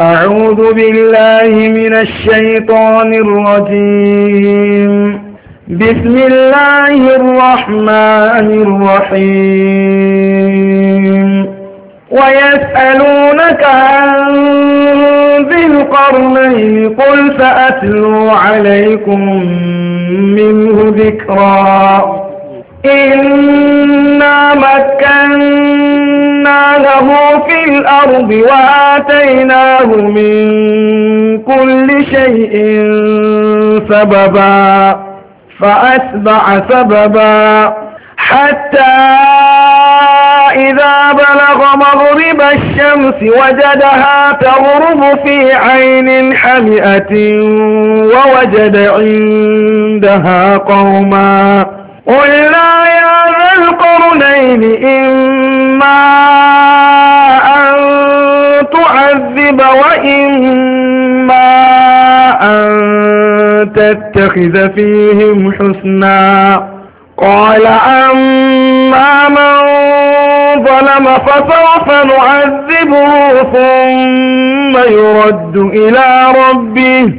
أعوذ بالله من الشيطان الرجيم بسم الله الرحمن الرحيم ويسألونك عن ذي القرنين قل سأتلو عليكم منه ذكرا إنا مكنا له في الأرض وآتيناه من كل شيء سببا فأتبع سببا حتى إذا بلغ مغرب الشمس وجدها تغرب في عين حمئة ووجد عندها قوما قلنا يا ذا القرنين إما تعذب وإما أن تتخذ فيهم حسنا قال أما من ظلم فسوف نعذبه ثم يرد إلى ربه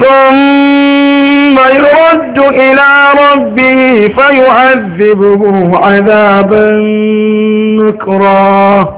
ثم يرد إلى ربه فيعذبه عذابا نكرا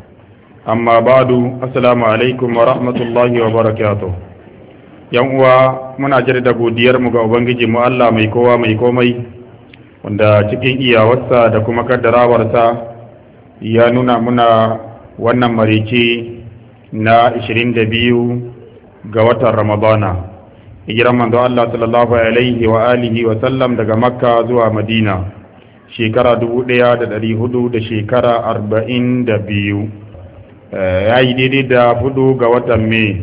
amma badu assalamu alaikum wa rahmatullahi wa barakatu yan uwa muna jaddada godiyar mu ga ubangiji mu Allah mai kowa mai komai wanda cikin iyawarsa da kuma kaddarawarsa ya nuna muna wannan marici na 22 ga watan ramadana hijiran manzo Allah sallallahu alaihi wa alihi wa sallam daga makka zuwa madina shekara 1400 da shekara 42 Eh, ya yi daidai da hudu ga watan mai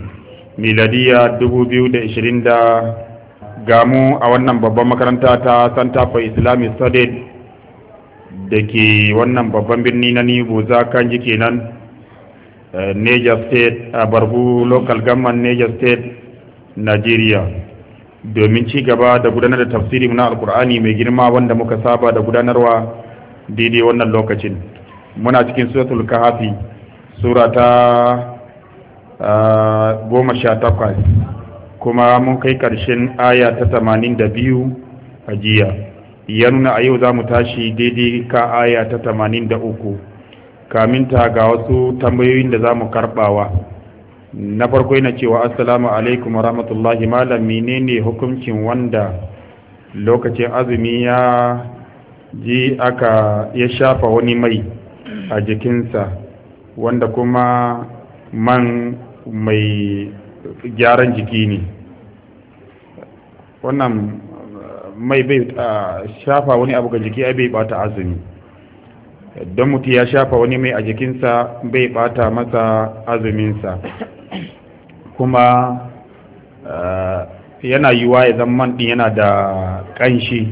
miladiya 2020 gamu a wannan babban makaranta ta santa for islamic studies da ke wannan babban birni na nibo zakanji kenan eh, niger state a barbu local government niger state nigeria domin ci gaba da gudanar da tafsiri na alkur'ani mai girma wanda muka saba da gudanarwa daidai wannan lokacin muna cikin suratul kahafi sura ta goma sha takwas kuma mun kai ƙarshen aya ta tamanin da biyu a jiya ya nuna a yau za mu tashi daidai ka aya ta tamanin da uku kaminta ga wasu tambayoyin da za mu karɓawa na farko yana cewa assalamu alaikum wa rahmatullahi malam menene hukuncin wanda lokacin azumi ya ji aka ya shafa wani mai a jikinsa wanda kuma man mai gyaran jiki ne wannan uh, mai bai uh, shafa wani abu ga jiki ai bai bata azumi don mutu ya shafa wani mai a jikinsa bai bata masa azuminsa kuma uh, yana yiwa ya zama ɗin yana da ƙanshi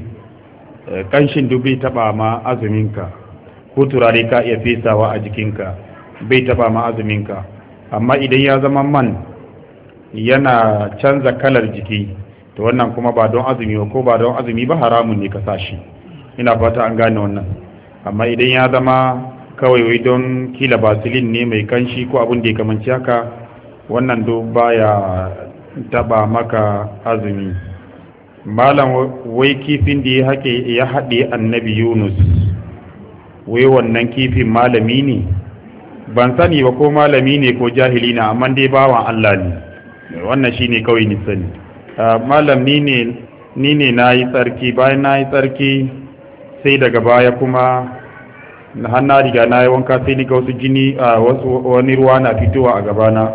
eh, ƙanshin dubi taɓa ma azuminka ko turare ka iya fesawa a jikinka bai taba ma azuminka amma idan ya zama man yana canza kalar jiki to wannan kuma ba don azumi ba ko ba don azumi ba haramun ne ka sashi ina fata an gane wannan amma idan ya zama kawai wai don kila basilin ne mai kanshi ko abin da ya kamanci haka wannan do baya taba maka azumi malam wai kifin da ya haɗe annabi yunus wai wannan kifin malami ne ban sani ba ko malami ne ko jahili na amma dai bawan Allah ne wannan shine kawai ni sani ah, malam ni ne ni ne nayi tsarki bayan nayi tsarki sai daga baya kuma na hanna riga na yi wanka sai ni ga wasu jini ah, wasu wani ruwa na fitowa a gabana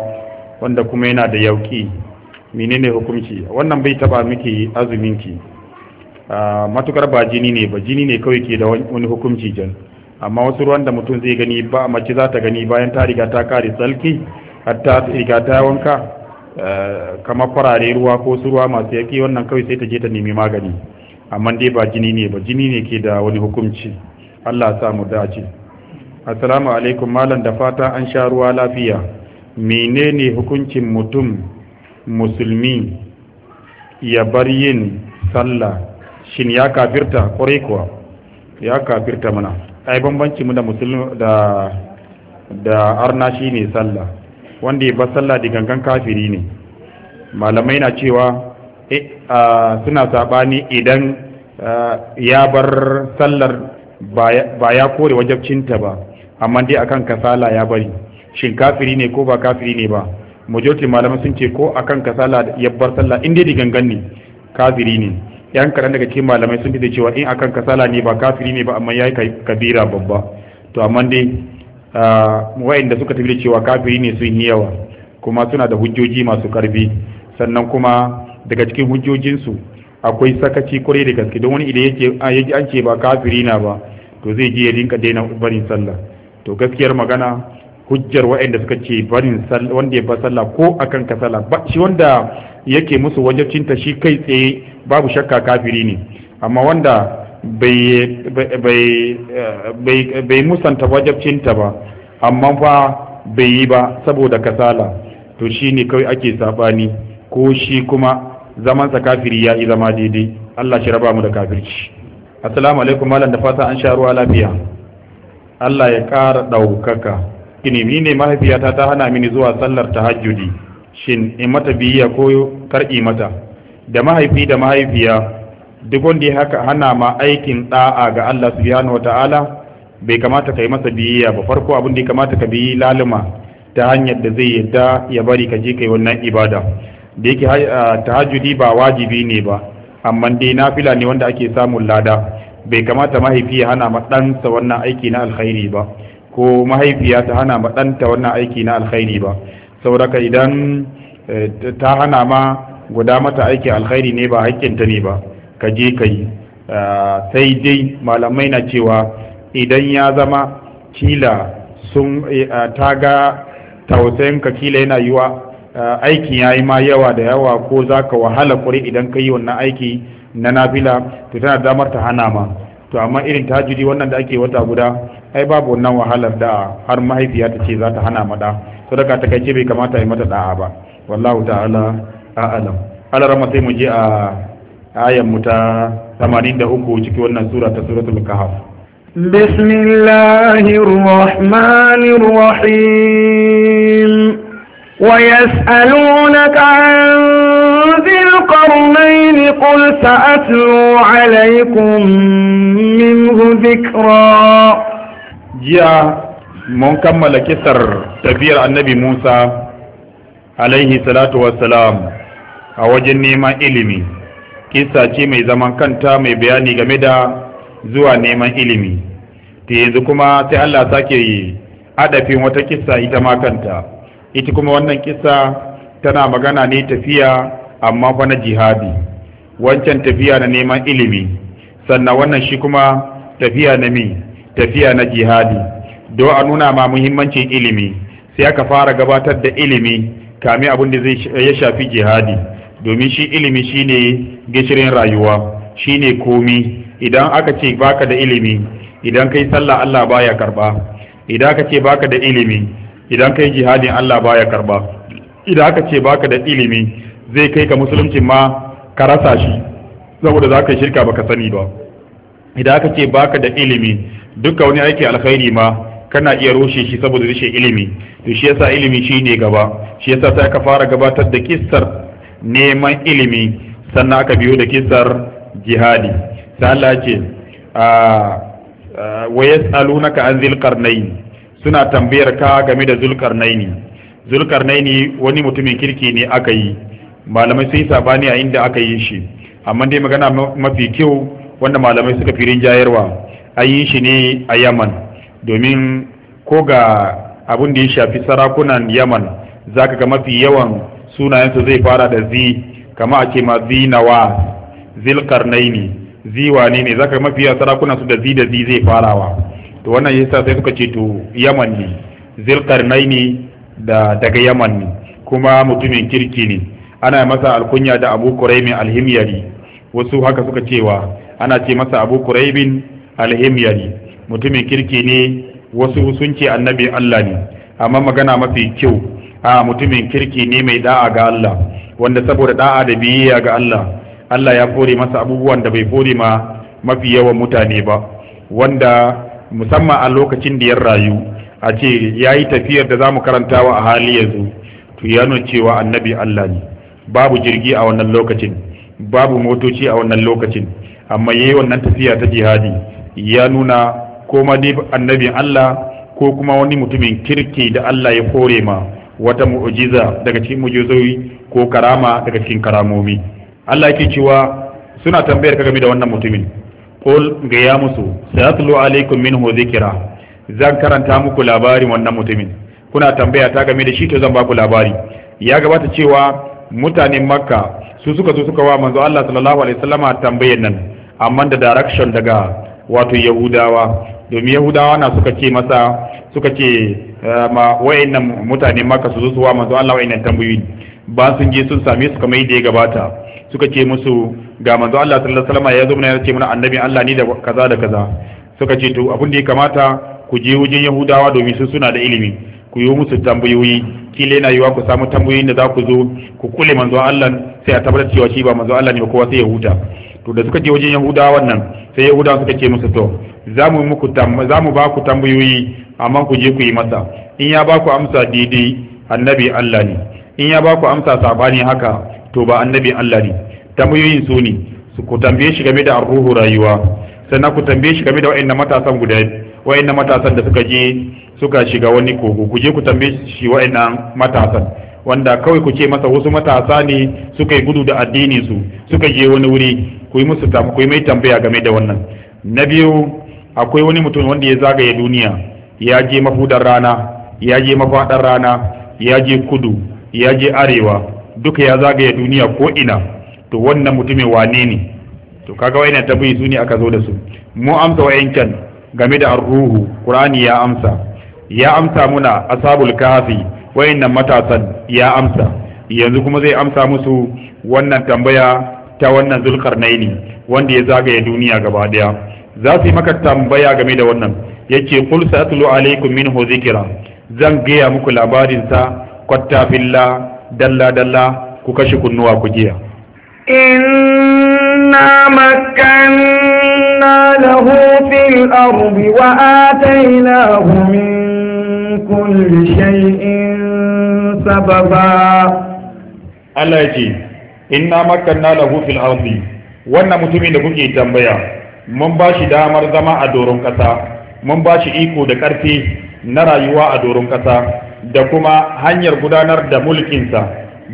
wanda kuma yana da yauki menene hukunci wannan bai taba miki azuminki ah, matukar ba jini ne ba jini ne kawai ke da wani hukunci jan amma wasu ruwan da mutum zai gani ba mace za ta gani bayan ta riga ta kare tsalki hatta ta riga ta wanka eh, kamar farare ruwa ko su ruwa masu yaki wannan kawai sai ta je ta nemi magani amma dai ba jini ne ba jini ne ke da wani hukunci Allah ya samu dace assalamu alaikum malam da fata an sha ruwa lafiya menene hukuncin mutum musulmi ya bar yin sallah shin ya kafirta kwarai kuwa ya kafirta mana ai bambanci mu da musulmi da da arna shine sallah wanda ya ba sallah da gangan kafiri ne malamai na cewa eh, suna sabani idan ya bar sallar ba ya kore wajabcinta ba amma dai akan kasala ya bari shin kafiri ne ko ba kafiri ne ba majority malamai sun ce ko akan kasala ya bar sallah inda da gangan ne kafiri ne yan karan daga cikin malamai sun da cewa in akan kasala ne ba kafiri ne ba amma ya yi kabira babba to amma dai wa'inda suka tafi da cewa kafiri ne sun yi yawa kuma suna da hujjoji masu karfi sannan kuma daga cikin hujjojinsu akwai sakaci kwarai da gaske don wani idan yake an ce ba kafiri na ba to zai je ya rinka daina barin sallah to gaskiyar magana hujjar wa'inda suka ce barin wanda ya ba sallah ko akan kasala ba shi wanda yake musu wajabcinta shi kai tsaye babu shakka kafiri ne amma wanda bai musanta wajabcinta ba amma fa bai yi ba saboda kasala to shi ne kawai ake sabani ko shi kuma zamansa kafiri ya yi zama daidai Allah shi raba mu da kafirci assalamu alaikum malam da fata an sha ruwa lafiya Allah ya ƙara ɗaukaka kini ni ne mahaifiyata ta hana mini zuwa sallar tahajjudi shin in mata biyya ko kar'i mata da mahaifi da mahaifiya duk wanda ya haka hana ma aikin da'a ga Allah subhanahu wataala bai kamata ka yi masa biyayya ba farko abin da ya kamata ka biyi laluma ta hanyar da zai yarda ya bari ka je kai wannan ibada da yake ah, tahajjudi ba wajibi ne ba amma dai nafila ne wanda ake samun lada bai kamata mahaifi ya hana ma ɗansa wannan aiki na alkhairi ba ko mahaifiya ta hana ma ɗanta wannan aiki na alkhairi ba saboda idan eh, ta hana ma guda mata aiki alkhairi ne ba ta ne ba ka je ka yi ah, sai dai malamai na cewa idan ya zama kila sun eh, ah, ta ga tausayin ka kila yana yiwa ah, aikin ya yi ma yawa da yawa ko za ka wahala kuri idan ka yi wannan aiki na nafila to tana damar ta hana ma to amma irin jiri wannan da ake wata guda ai babu wannan wahalar da har mahaifiya ta ce za ta hana ma da to daga takaice bai kamata a yi mata da'a ba wallahu ta'ala a'lam alarama sai mu je a ayan mu ta 83 ciki wannan sura ta suratul kahf بسم الله الرحمن الرحيم ويسألونك عن ذي القرنين قل سأتلو عليكم منه ذكرا جاء من كمل كسر تبير النبي موسى عليه الصلاة والسلام a wajen neman ilimi kisa ce mai zaman kanta mai bayani game da zuwa neman ilimi ta yanzu kuma sai Allah sake yi adafin wata kisa ita ma kanta ita kuma wannan kisa tana magana ne tafiya amma fa na jihadi wancan tafiya na neman ilimi sannan wannan shi kuma tafiya na mi tafiya na jihadi don a nuna ma muhimmancin ilimi sai aka fara gabatar da ilimi kame abin da ya shafi jihadi domin shi ilimi shine gishirin rayuwa shine komi idan aka ce baka da ilimi idan kai sallah Allah baya karba idan aka ce baka da ilimi idan kai jihadin Allah baya karba idan aka ce baka da ilimi zai kai ka musulunci ma ka rasa shi saboda za ka yi shirka baka sani ba idan aka ce baka da ilimi duka wani aiki alkhairi ma kana iya rushe shi saboda rushe ilimi to shi yasa ilimi shine gaba shi yasa sai aka fara gabatar da kissar neman ilimi sannan aka biyo da kisar jihadi sai Allah ce a ah, ah, wa yas'alunaka an zulqarnain suna tambayar ka game da zulqarnain zulqarnain wani mutumin kirki ne aka yi malamai sun sabani a inda aka yi shi amma dai magana mafi kyau wanda malamai suka firin jayarwa an yi shi ne a Yaman domin ko ga abin da ya shafi sarakunan Yaman zaka ga mafi yawan sunayensa zai fara da zi kama a ce ma zi wa zil ne zi wane ne za zaka mafiya sarakunan su da zi da zi zai farawa to wannan yasa sai suka ce to yaman ne zil ne da daga yaman ne kuma mutumin kirki ne ana masa alkunya da abu kuraimin alhimyari wasu haka suka cewa ana ce masa abu kuraimin alhimyari mutumin kirki ne wasu sun ce annabi allah ne amma magana mafi kyau a mutumin kirki ne mai da'a ga Allah wanda saboda da'a da biyayya ga Allah Allah ya fore masa abubuwan da bai fore ma mafi yawan mutane ba wanda musamman a lokacin da ya rayu a ce ya yi tafiyar da za mu karantawa a hali yanzu to ya nuna cewa annabi Allah ne babu jirgi a wannan lokacin babu motoci a wannan lokacin amma ya yi wannan tafiya ta jihadi ya nuna ko ma dai annabin Allah ko kuma wani mutumin kirki da Allah ya kore ma wata mu'jiza daga cikin mu'jizoyi ko karama daga cikin karamomi Allah yake cewa suna tambayar ka game da wannan mutumin qul ga ya musu sayatlu alaikum minhu dhikra zan karanta muku labarin wannan mutumin kuna tambaya ta game da shi to zan baku labari ya gabata cewa mutanen makka su suka zo suka wa manzo Allah sallallahu alaihi wasallama tambayar nan amma da direction daga wato yahudawa domin yahudawa na suka ce masa suka ce eh, ma wayannan mutane maka su zuwa masu allah manzo Allah wayannan tambayoyi ba sun je sun same su kamar yadda ya gabata suka ce musu ga manzo Allah sallallahu alaihi wasallam ya zo mana ya ce mana annabi Allah ni da kaza da kaza suka ce to abin da ya kamata ku je wajen yahudawa domin su suna da ilimi ku yi musu tambayoyi kila yana yiwa ku samu tambayoyin da za ku zo ku kule manzo Allah sai a tabbatar cewa shi ba manzo Allah ne ba kowa sai ya huta to da suka je wajen yahudawa wannan sai yahudawa suka ce musu to za mu muku za mu ba ku tambayoyi amma ku je ku yi masa in ya ba ku amsa daidai annabi Allah ne in ya ba ku amsa sabani haka to ba annabi Allah ne tambayoyin su ne ku tambaye shi game da arruhu rayuwa sannan ku tambaye shi game da wa'annan matasan guda wa'annan matasan da suka je suka shiga wani kogo ku je ku tambaye shi wa'annan matasan wanda kawai ku ce masa wasu matasa ne suka yi gudu da addini su suka je wani wuri ku yi musu ku yi mai tambaya game da wannan na biyu akwai wani mutum wanda ya zagaye duniya ya je mafudar rana ya je mafadar rana ya je kudu ya je arewa duka ya zagaye duniya ko ina to wannan mutumin wane ne to kaga wayan tabbai su ne aka zo da su mu amsa wayancan game da arruhu qur'ani ya amsa ya amsa muna asabul kafi wayannan matasan ya amsa yanzu kuma zai amsa musu wannan tambaya ta wannan zulkarnaini wanda ya zagaye duniya gaba daya za su yi maka tambaya game da wannan ya yace qul sa'atlu alaikum minhu zikra zan gaya muku labarin sa kwatta filla dalla dalla ku kashe kunnuwa ku jiya inna makanna lahu fil ardi wa atainahu min kulli shay'in sababa Allah ya ce inna makanna lahu fil ardi wannan mutumin da kuke tambaya mun ba shi damar zama a doron kasa mun ba shi iko da ƙarfi na rayuwa a doron kasa da kuma hanyar gudanar da mulkinsa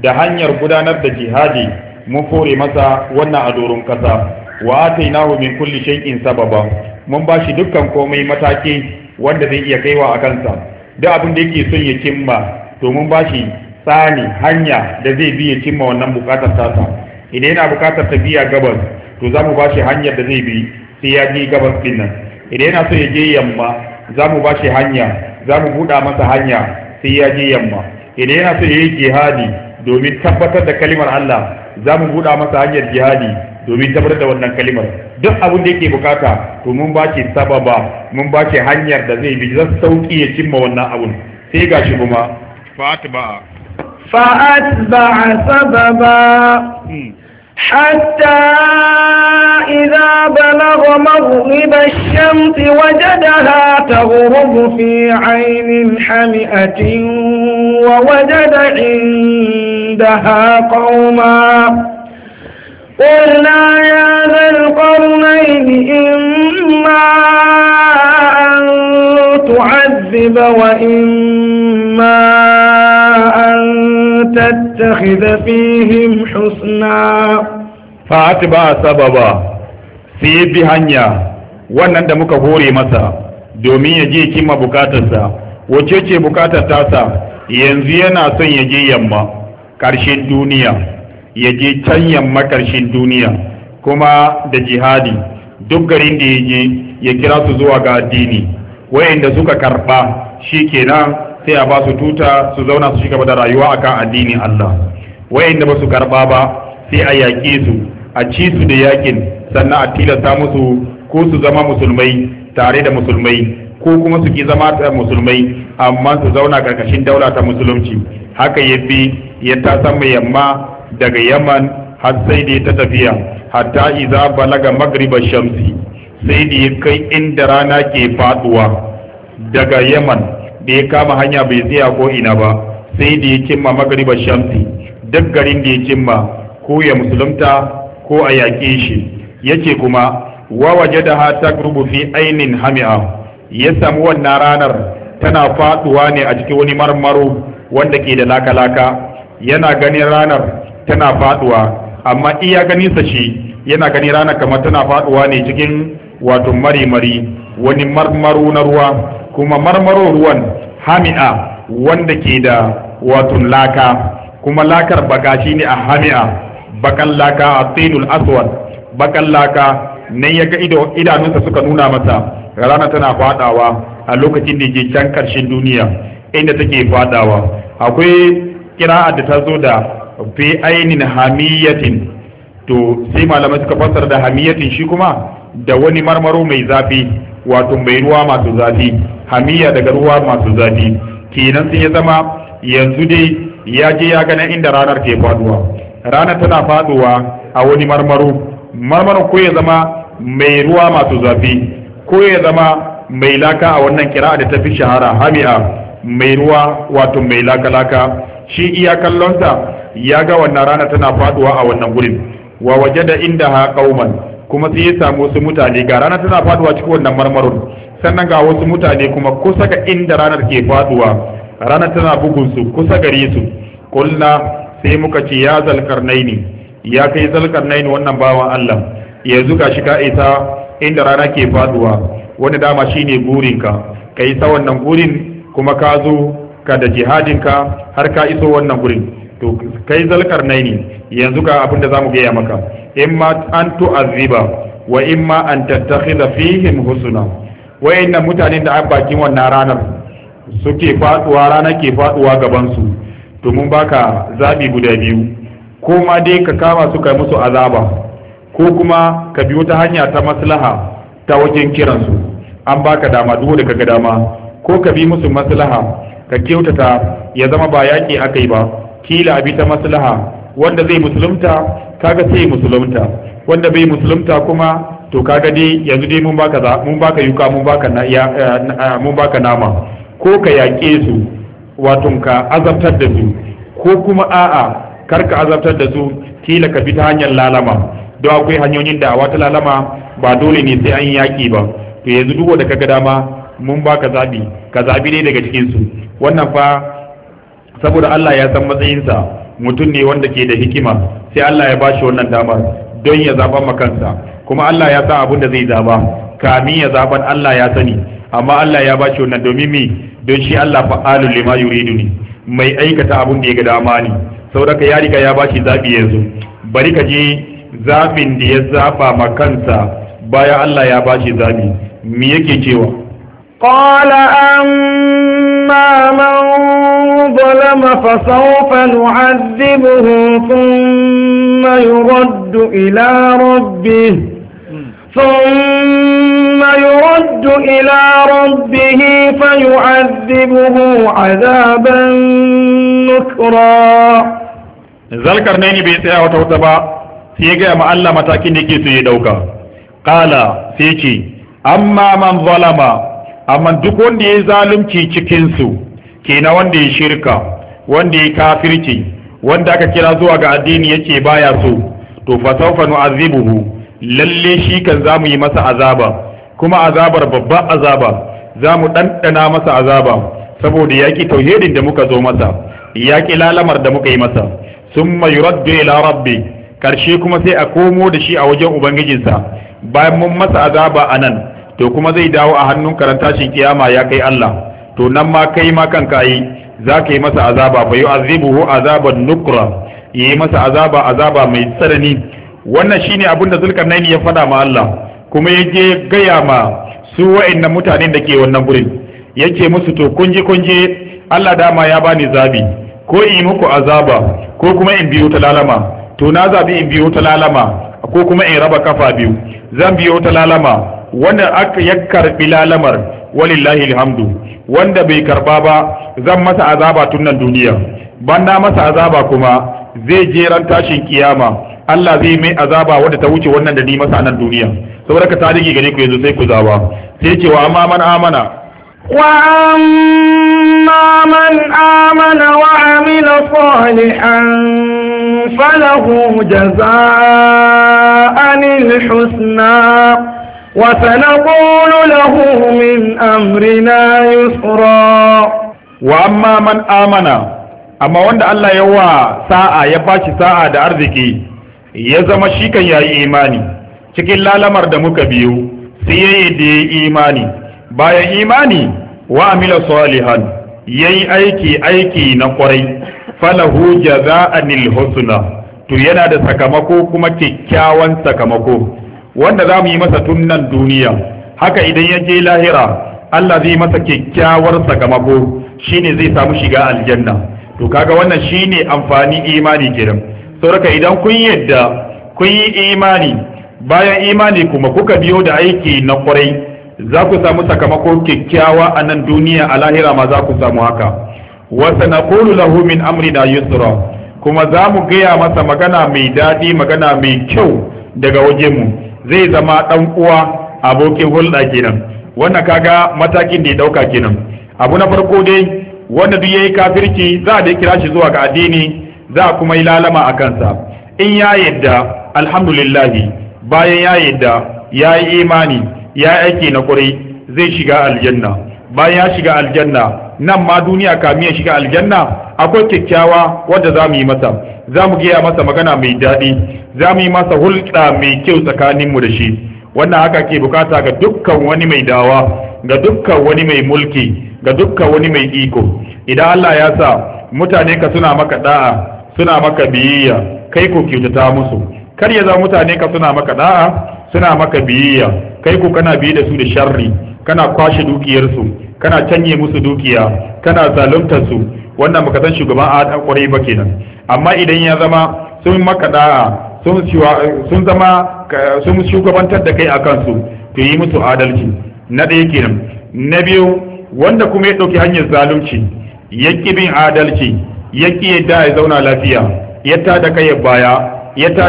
da hanyar gudanar da jihadi mun fore masa wannan a doron kasa wa atainahu min kulli shay'in sababa mun ba shi dukkan komai mataki wanda zai iya kaiwa a kansa duk abin da yake son ya cimma to mun ba shi tsani hanya da zai bi ya cimma wannan bukatar tasa idan yana bukatar tafiya gabas to za mu bashi hanyar da zai bi sai ya je gabas din nan idan yana so ya je yamma za mu bashi hanya za mu buɗa masa hanya sai ya je yamma idan yana so ya yi jihadi domin tabbatar da kalimar Allah za mu buɗa masa hanyar jihadi domin tabbatar da wannan kalimar duk abin da yake bukata to mun ba sababa mun ba hanyar da zai bi zan sauki ya cimma wannan abun sai gashi kuma ba fa'at ba sababa hmm. حتى إذا بلغ مغرب الشمس وجدها تغرب في عين حمئة ووجد عندها قوما قلنا يا ذا القرنين إما أن تعذب وإما أن تتخذ فيهم حسنا فاتبع سببا sai bi hanya wannan da muka hore masa domin ya je kima bukatarsa wace ce bukatar tasa yanzu yana son ya je yamma ƙarshen duniya ya je can yamma ƙarshen duniya kuma da jihadi duk garin da ya je ya kira su zuwa ga addini wayanda suka karɓa kenan sai a ba su tuta su zauna su gaba da rayuwa a kan addinin Allah wayanda ba su karba ba sai a yaƙe su a ci su da yakin sannan a tilasta musu ko su zama musulmai tare da musulmai ko kuma su ki zama musulmai amma su zauna karkashin daula ta musulunci haka ya bi ya tasa mai yamma daga yaman har sai da ta tafiya hatta iza balaga magriba shamsi sai da ya kai inda rana ke faduwa daga yaman da ya kama hanya bai tsaya ko ina ba sai da ya cimma magariba shamsi duk garin da ya cimma ko ya musulunta ko a yaƙe shi yace kuma wa da taqrubu fi ainin hami'a ya samu wannan ranar tana faduwa ne a cikin wani marmaro wanda ke da laka-laka yana ganin ranar tana faduwa amma iya sa shi yana ganin ranar kamar tana faduwa ne cikin wato mari-mari wani marmaro na ruwa kuma marmaro ruwan hami'a wanda ke da wato laka kuma lakar baka ne a hami'a bakan laka a tsinul aswad bakan laka nan ya ga idanunsa suka nuna masa rana tana fadawa a lokacin da ke can karshen duniya inda take fadawa akwai kira da ta zo da fi ainin hamiyatin to sai malamai suka fassara da hamiyatin shi kuma da wani marmaro mai zafi wato mai ruwa masu zafi hamiya daga ruwa masu zafi kenan sun ya zama yanzu dai ya je ya gana inda ranar ke faduwa ranar tana faduwa a wani marmaro marmaron ko ya zama mai ruwa masu zafi ko ya zama mai laka a wannan kira da tafi shahara hami'a mai ruwa wato mai laka-laka shi iya kallonsa ya ga wannan rana tana faduwa a wannan gurin wa waje da inda ha kauman kuma sai ya samu wasu mutane ga rana tana faduwa cikin wannan marmaron sannan ga wasu mutane kuma kusa ga inda ranar ke faduwa ranar tana bugun su kusa gare su sai muka ce ya zalkarnaini ya kai zalkarnaini wannan bawan Allah yanzu ga shi ka isa inda rana ke faduwa wani dama shine burinka ka isa wannan gurin kuma ka zo ka da jihadinka har ka iso wannan gurin to kai zalkarnaini yanzu ga abin da zamu gaya maka imma an tu'azziba wa imma an tattakhidha fihim husna nan mutanen da an bakin wannan ranar suke faduwa rana ke faduwa gaban su to mun baka zabi guda biyu ko ma dai ka kama su kai musu azaba ko kuma ka biyo ta hanya ta maslaha ta wajen kiransu an baka dama duk da kaga dama ko ka bi musu maslaha ka kyautata ya zama ba yaƙi aka ba kila bi ta maslaha wanda zai musulunta kaga sai musulunta wanda bai musulunta kuma to kaga dai yanzu dai mun baka za mun baka yuka mun baka na ya eh, eh, mun baka nama ko ka yaƙe su wato ka azabtar da su ko kuma a'a kar ka azabtar da su kila ka bi ta hanyar lalama don akwai hanyoyin da wata lalama ba dole ne sai an yi yaƙi ba to yanzu duk wanda kaga dama mun baka zabi ka zabi ne daga cikin su wannan fa saboda Allah ya san matsayinsa mutum ne wanda ke da hikima sai Allah ya bashi wannan damar don ya zaba makansa kuma Allah ya sa abin da zai zaba kamin ya zaban Allah ya sani amma Allah ya bashi wannan domin me don shi Allah fa'alul lima yuridu ne mai aikata abin da ya ga dama ne saboda ya riga ya bashi zabi yanzu bari ka je zabin da ya zaba ma kansa baya Allah ya bashi zabi me yake cewa قال amma man zalama fa sawfa nu'adhibuhu thumma yuraddu ila rabbih ثم يرد إلى ربه فيعذبه عذابا نكرا zalkar ne bai tsaya wata wata ba sai gaya ma Allah matakin da yake so ya ɗauka. Ƙala sai ce amma man zalama amma duk wanda ya zalunci cikinsu su kenan wanda ya shirka wanda ya kafirci wanda aka kira zuwa ga addini yace baya so to fa sawfa nu'azibuhu lalle shi kan za mu yi masa azaba kuma azabar babban azaba za mu ɗanɗana masa azaba saboda yaƙi tauhidin da muka zo masa yaƙi lalamar da muka yi masa sun yuraddu ila rabbi karshe kuma sai a komo da shi a wajen ubangijinsa bayan mun masa azaba a nan to kuma zai dawo a hannun karanta shi kiyama ya kai Allah to nan ma kai ma kanka yi za ka yi masa azaba fa yu'azibuhu azaban nukra yi masa azaba azaba mai tsanani wannan shine abinda da zulkarnain ya faɗa ma Allah kuma ya je gaya ma su wa'annan mutanen da ke wannan gurin yake musu to kunje kunje Allah dama ya bani zabi ko in muku azaba ko kuma in biyo ta lalama to na zabi in biyo ta lalama ko kuma in raba kafa biyu zan biyo ta lalama wanda aka ya karbi lalamar walillahi alhamdu wanda bai karba ba zan masa azaba tun nan duniya banda na masa azaba kuma zai jeran tashin kiyama Allah zai mai azaba wadda ta wuce wannan da ni masa nan duniya saboda ka tarihi gare ku yanzu sai ku zaba sai wa amma man amana wa amma man amana wa amila salihan falahu jaza'an min amrina yusra wa amma man amana amma wanda Allah ya wa sa'a ya ساعة sa'a da arziki. ya zama shi kan yayi imani cikin lalamar da muka biyu sai yayi da yayi imani bayan imani wa amila salihan yi aiki aiki na kwarai falahu jaza'anil husna to yana da sakamako kuma kyakkyawan sakamako wanda za mu yi masa tun nan duniya haka idan ya je lahira Allah zai masa kyakkyawar sakamako shine zai samu shiga aljanna to kaga wannan shine amfani imani kenan sauraka idan kun yadda kun yi imani bayan imani kuma kuka biyo da aiki na kwarai za ku samu sakamakon kyakkyawa a nan duniya a lahira ma za ku samu haka wasa na kulu lahu min na yusra kuma za mu gaya masa magana mai daɗi magana mai kyau daga wajenmu zai zama ɗan uwa abokin hulɗa kenan wannan kaga matakin da ya ɗauka kenan abu na farko dai wanda duk yayi kafirci za a da kira shi zuwa ga addini za a kuma yi lalama a kansa in ya yadda alhamdulillahi bayan ya yadda ya yi imani ya yi aiki na ƙwarai zai shiga aljanna bayan ya shiga aljanna nan ma duniya kamin ya shiga aljanna akwai kyakkyawa wadda za mu yi masa za mu gaya masa magana mai daɗi za mu yi masa hulɗa mai kyau tsakaninmu da shi wannan haka ke bukata ga dukkan wani mai dawa ga dukkan wani mai mulki ga dukkan wani mai iko idan Allah ya sa mutane ka suna maka da'a suna maka biyayya kai ko kyautata musu kar ya za mutane ka suna maka da'a suna maka biyayya kai ko kana biye da su da sharri kana kwashe dukiyarsu kana canye musu dukiya kana zaluntar su wannan baka san shugaban a kwarai ba kenan amma idan ya zama sun maka da'a sun zama sun shugabantar da kai a kansu to yi musu adalci na ɗaya kenan na biyu wanda kuma ya ɗauki hanyar zalunci ya bin adalci ya ki yadda ya zauna lafiya ya da kai baya ya da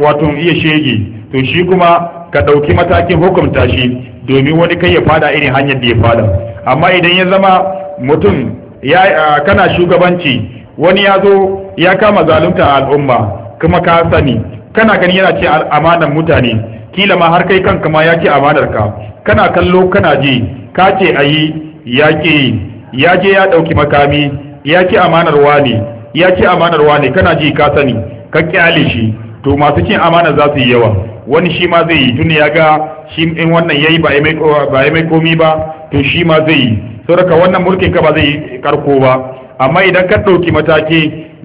wato iya shege to shi kuma ka ɗauki matakin hukunta shi domin wani kai ya fada irin hanyar da ya fada amma idan ya zama mutum ya kana shugabanci wani ya zo ya kama zalunta al'umma kuma ka sani kana gani yana ce amanan mutane kila ma har kai kanka ma ya ce amanar ka kana kallo kana ji ka ce ayi ya ke ya je ya ɗauki makami ya ci amanar wane ya amanar wane kana ji ka sani ka kyale shi to masu cin amana za su yi yawa wani shi ma zai yi tun ya ga shi in wannan yayi ba ya mai komi ba to shi ma zai yi saboda wannan mulkin ka ba zai karko ba amma idan ka ɗauki mataki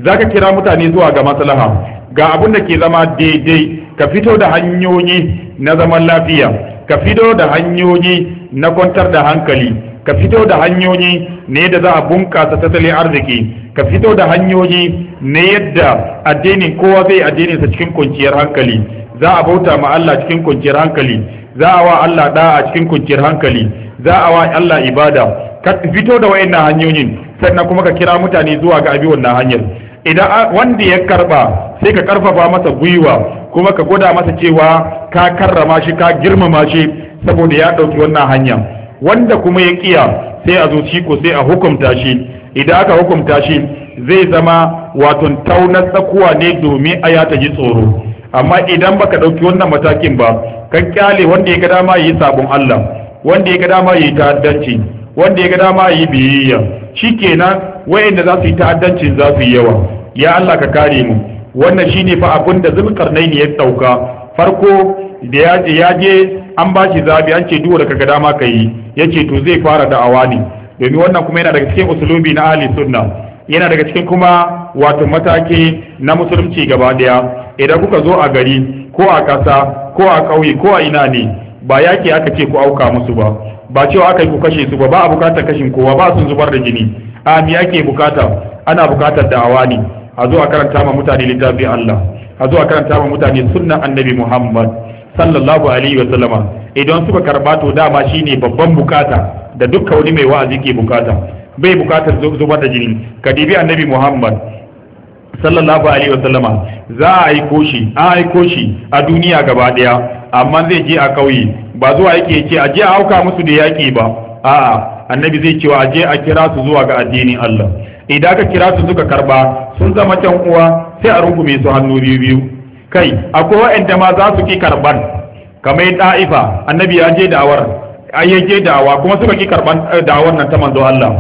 zaka kira mutane zuwa ga maslaha ga abin da ke zama daidai ka fito da hanyoyi na zaman lafiya ka fito da hanyoyi na kwantar da hankali ka fito da hanyoyi ne da za a bunƙasa tattalin arziki ka fito da hanyoyi ne yadda addinin kowa zai addinin sa cikin kwanciyar hankali za a bauta ma Allah cikin kwanciyar hankali za a wa Allah a cikin kwanciyar hankali za a wa Allah ibada ka fito da wayannan hanyoyin sannan kuma ka kira mutane zuwa ga abi wannan hanyar idan wanda ya karba sai ka karfafa masa gwiwa kuma ka gwada masa cewa ka karrama shi ka girmama shi saboda ya ɗauki wannan hanya wanda kuma ya kiya sai a zo shi ko sai a hukumta shi idan aka hukumta shi zai zama wato taunar tsakuwa ne domin a ya ji tsoro amma idan baka ɗauki wannan matakin ba kan kyale wanda ya ga dama yi sabon Allah wanda ya ga dama yi ta'addanci wanda ya ga dama yi biyayya shi kenan wayanda za su yi ta'addanci za su yi yawa ya Allah ka kare mu wannan shine fa abin da zulkarnaini ya dauka farko da ya je an ba shi zabi an ce duwa da kaga dama kai yace to zai fara da awani domin wannan kuma yana daga cikin usulubi na ahli sunna yana daga cikin kuma wato mataki na musulunci gaba daya idan kuka zo a gari ko a kasa ko a kauye ko a ina ne ba yaki aka ce ku auka musu ba ba cewa aka yi ku kashe su ba ba a bukatar kashin kowa ba sun zubar da jini a mi yake bukata ana bukatar da awani a zo a karanta ma mutane littafin Allah a zo a karanta ma mutane sunnan annabi Muhammad sallallahu alaihi wa sallama idan suka karba to dama shine babban bukata da dukkan wani mai wa'azi ke bukata bai bukatar zubar da jini kadibi annabi muhammad sallallahu alaihi wa sallama za a aiko shi a aiko shi a duniya gaba daya amma zai je a kauye ba zuwa yake ce a je a hauka musu da yaki ba a'a annabi zai cewa a je a kira su zuwa ga addinin Allah idan ka kira su suka karba sun zama can uwa sai a rungume su hannu biyu biyu kai akwai wa'anda ma za su ki karban kamar da'ifa annabi ya je da'awar ai ya je da'awa kuma suka ki karban eh, da'awar nan ta manzo Allah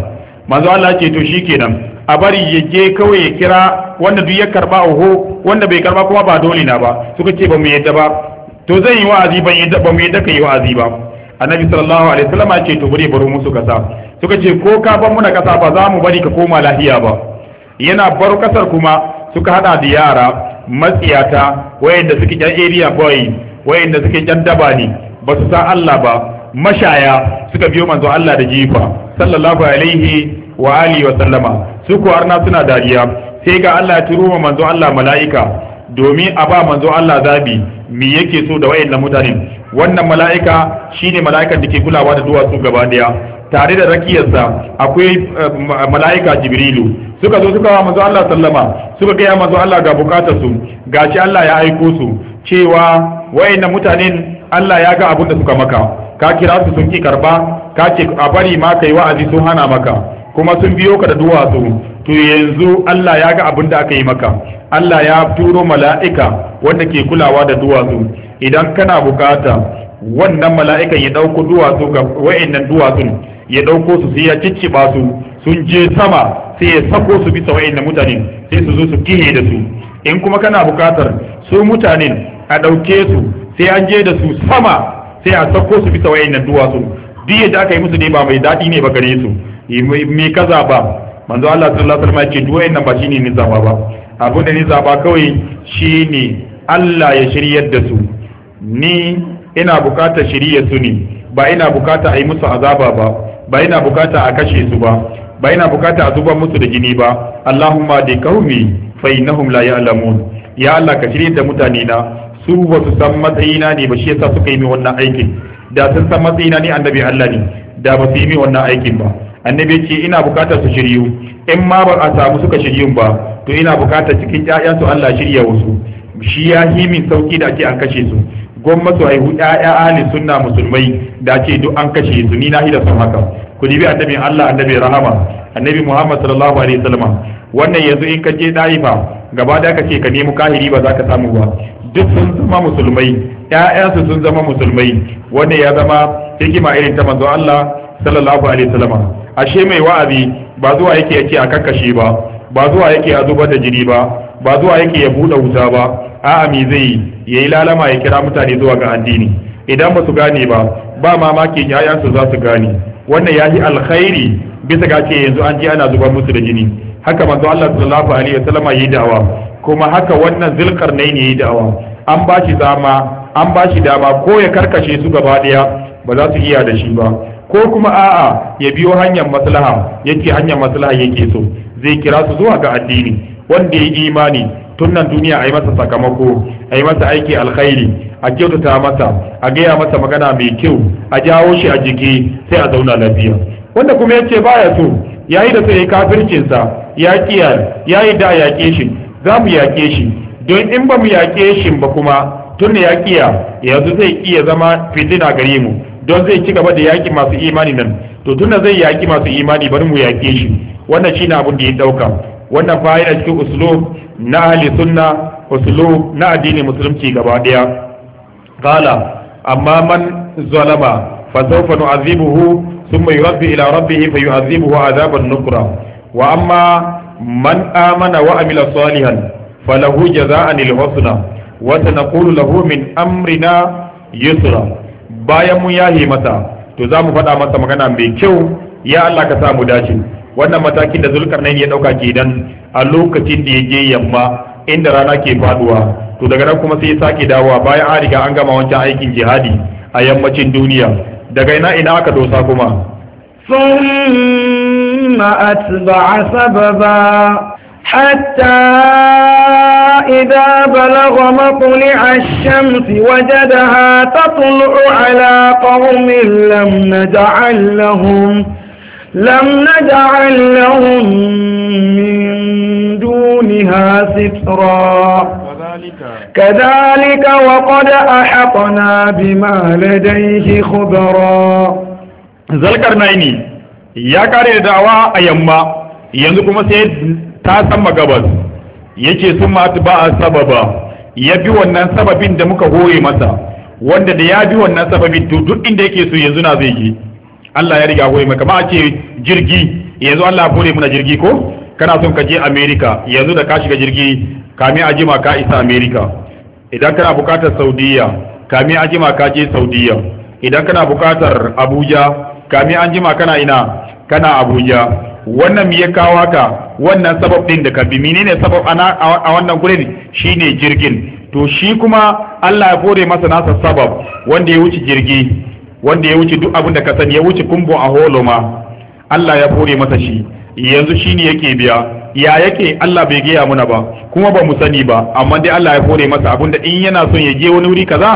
manzo Allah ce to shikenan a bari ya je kawai ya kira wanda duk ya karba oho wanda bai karba kuma ba dole na ba suka ce ba mu yadda ba to zan yi wa'azi ban yadda ba mu yadda ka yi wa'azi ba annabi sallallahu alaihi wasallam ce to bari baro musu kasa suka ce ko ka ban muna kasa ba za mu bari ka koma lahiya ba yana baro kasar kuma suka hada da yara matsiyata wayanda suke yan area boy wayanda suke yan daba ne ba su san Allah ba mashaya suka biyo manzo Allah da jifa sallallahu alaihi wa alihi wa sallama su ko arna suna dariya sai ga Allah ya turo manzo Allah mala'ika domin a ba manzo Allah zabi me yake so da wayannan mutane wannan mala'ika shine mala'ikan da ke kulawa da duwatsu gaba daya tare da rakiyarsa akwai eh, mala'ika jibrilu suka zo suka wa manzo Allah sallama suka gaya manzo Allah ga bukatar su gashi Allah ya aiko su cewa wayannan mutanen Allah ya ga abin da suka maka ka kira su sun ki karba ka ce a bari ma kai wa'azi sun hana maka kuma sun biyo ka da duwatsu to yanzu Allah ya ga abin da aka yi maka Allah ya turo mala'ika wanda ke kulawa da duwatsu idan kana bukata wannan mala'ikan ya dauko duwatsu ga wayannan duwatsun ya ɗauko su sai ya cicciɓa su sun je sama sai ya sako su bisa wa'in mutanen sai su zo su kihe da su in kuma kana buƙatar su mutanen a ɗauke su sai an je da su sama sai a sako su bisa wa'in nan duwatsu duk yadda aka yi musu ne ba mai daɗi ne ba gare su me kaza ba manzo Allah sallallahu alaihi wasallam ya ce duk ba shine ni zaba ba abin da ni zaba kawai shine Allah ya shiryar da su ni ina bukatar shirya su ne ba ina bukata a yi musu azaba ba ba yana bukata a kashe su ba ba yana bukata a zuba musu da jini ba Allahumma di kaumi fa innahum la ya'lamun ya Allah ka shirye da mutane na su ba su san matsayina ne ba shi yasa suka yi min wannan aikin da sun san matsayina ne annabi Allah ne da ba su yi min wannan aikin ba annabi ce ina bukata su shiryu in ma ba a samu suka shiryun ba to ina bukata cikin ƴaƴansu Allah shirya wasu shi ya himin sauki da ake an kashe su gwamnati haihu ƴaƴa ahli sunna musulmai da ce duk an kashe su ni na ida son haka ku dibi annabi Allah annabi rahama annabi Muhammad sallallahu alaihi wasallam wannan yanzu in ka je daifa gaba da ka ce ka nemi kahiri ba za ka samu ba duk sun zama musulmai ƴaƴansu sun zama musulmai wannan ya zama hikima irin ta manzo Allah sallallahu alaihi wasallam ashe mai wa'azi ba zuwa yake ya ce a kakkashe ba ba zuwa yake a zubar da jini ba ba zuwa yake ya buɗe wuta ba a'a me zai yi yayi lalama ya kira mutane zuwa ga addini idan ba su gane ba ba mamaki yayansu za su gane wannan yahi alkhairi bisa ga ce yanzu an je ana zubar musu da jini haka manzo Allah sallallahu alaihi wasallam yayi da'awa kuma haka wannan ne yayi da'awa an ba shi dama an ba shi dama ko ya karkashe su gaba daya ba za su iya da shi ba ko kuma a'a ya biyo hanyar maslaha yake hanyar maslaha yake so zai kira su zuwa ga addini wanda ya yi imani tun nan duniya a yi masa sakamako a yi masa aiki alkhairi a kyautata masa a gaya masa magana mai kyau a jawo shi a jiki sai a zauna lafiya wanda kuma ya ce baya so ya yi da sai kafircinsa ya kiya ya yi da yaƙe shi za mu yaƙe shi don in ba mu yaƙe shi ba kuma tun ya kiya yanzu zai iya zama fitina gare mu don zai ci gaba da yaƙi masu imani nan to tunda zai yaƙi masu imani bari mu yaƙe shi wannan ne abin da ya ɗauka wannan fa yana cikin uslub na ahli sunna uslub na addinin musulunci gaba daya qala amma man zalama fa sawfa nu'adhibuhu thumma yurabbi ila rabbih fa yu'adhibuhu adhaban nukra wa amma man amana wa amila salihan falahu jaza'an lil husna wa sanaqulu lahu min amrina yusra bayan mun yahi masa to za mu faɗa masa magana mai kyau ya Allah ka sa mu dace wannan matakin da zulkarnain ya dauka kenan a lokacin da ya je yamma inda rana ke faduwa to daga nan kuma sai ya sake dawowa bayan an riga an gama wancan aikin jihadi a yammacin duniya daga ina ina aka dosa kuma thumma atba'a sababa hatta إذا بلغ مطلع الشمس وجدها تطلع على قوم لم نجعل لهم لم نجعل لهم من دونها سترا كذلك وقد أحقنا بما لديه خبرا zalkar naini ya kare dawa a yamma yanzu kuma sai ta sama gabas yake sun ba a sababa ya bi wannan sababin da muka hore masa wanda da ya bi wannan sababin to duk inda yake so yanzu na zai je Allah ya riga hore maka ba a ce jirgi yanzu Allah ya hore muna jirgi ko kana son ka je America yanzu da ka shiga jirgi kame a jima ka isa America idan kana bukatar Saudiya kame a jima ka je Saudiya idan kana bukatar Abuja kame an jima kana ina kana Abuja wannan me ya kawo ka wannan sabab din da ka bi menene sabab ana a wannan gurin shine jirgin to shi kuma Allah ya fore masa nasa sabab wanda ya wuce jirgi wanda ya wuce duk abin da ka sani ya wuce kumbo a holo ma Allah ya bore masa shi yanzu shine yake biya ya yake Allah bai gaya mana ba kuma ba mu sani ba amma dai Allah ya bore masa abin da in yana son ya je wani wuri kaza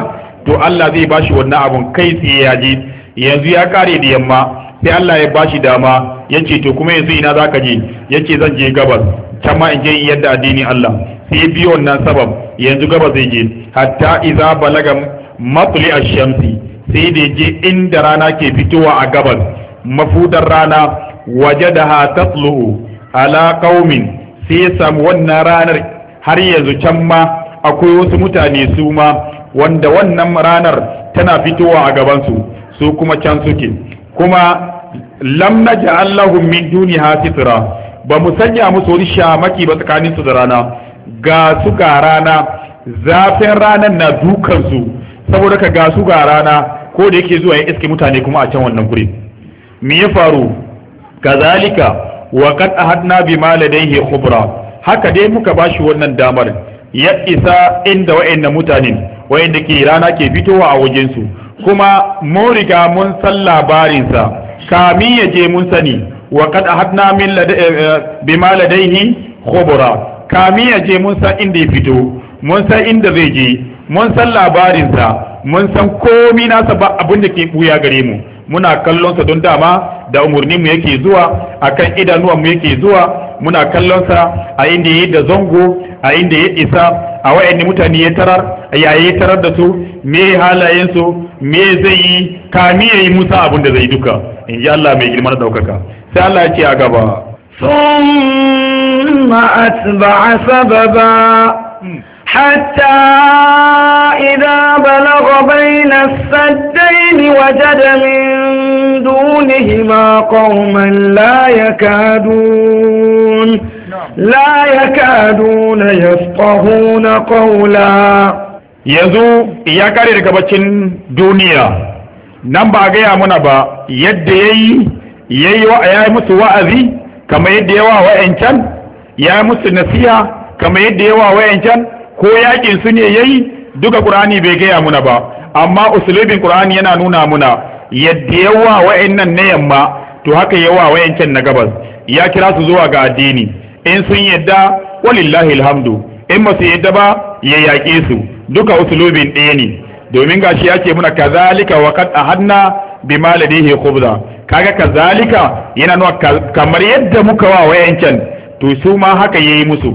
to Allah zai bashi wannan abun kai tsaye ya je yanzu ya kare da yamma sai Allah ya bashi dama yace to kuma yanzu ina zaka je yace zan je gabas can ma in je yadda addini Allah sai biyo wannan sabab yanzu gabas zai je hatta idza balaga matli ash-shamsi sai da je inda rana ke fitowa a gabas mafudar rana waje da ha tatlu'u ala qaumin sai ya samu wannan ranar har yanzu can ma akwai wasu mutane su ma wanda wannan ranar tana fitowa a gabansu su kuma can suke kuma lam naj'al lahum min duniha sitra ba mu sanya musu wani shamaki ba tsakanin su da rana ga su ga rana zafin ranar na dukansu saboda ka ga su ga rana ko da yake zuwa ya iske mutane kuma a can wannan guri me ya faru kazalika wa qad ahadna bima ladayhi khubra haka dai muka bashi wannan damar ya isa inda wa'annan mutanen wa'anda ke rana ke fitowa a wajen su kuma mun riga mun san labarinsa kamin ya je mun sani wa qad ahadna min eh, eh, bima ladayhi khubra kamin ya je mun san inda ya fito mun san inda zai je mun san labarinsa mun san komi nasa ba abin da ke buya gare mu muna kallon sa don dama da umurnin mu yake zuwa akan idanuwan mu yake zuwa muna kallon sa a inda yayi da zango a inda ya isa a wayanni mutane ya tarar yayi tarar da su me halayen su me zai yi kami yayi musa abin da zai duka in ji Allah mai girma da daukaka sai Allah ya ce a gaba ثم sababa hmm. حتى إذا بلغ بين السدين وجد من دونهما قوما لا يكادون لا يكادون يفقهون قولا يزو kare ركبتين duniya. nan ba a gaya mana ba yadda ya yi ya yi musu wa'azi kamar yadda ya wa wa'yancan ya yi musu nasiya kamar yadda ya wa'yancan ko yakin su ne yayi duka qur'ani bai gaya muna ba amma usulubin qur'ani yana nuna muna yadda yawa wa'annan na yamma to haka yawa wayancan na gabas ya kira su zuwa ga addini in sun yadda walillahi alhamdu in ba su yadda ba ya yaƙe su duka usulubin ɗaya ne domin gashi ya ce muna kazalika wa qad ahadna bi maladihi khubza kaga kazalika yana nuna kamar yadda muka wa wayancan to su ma haka yayi musu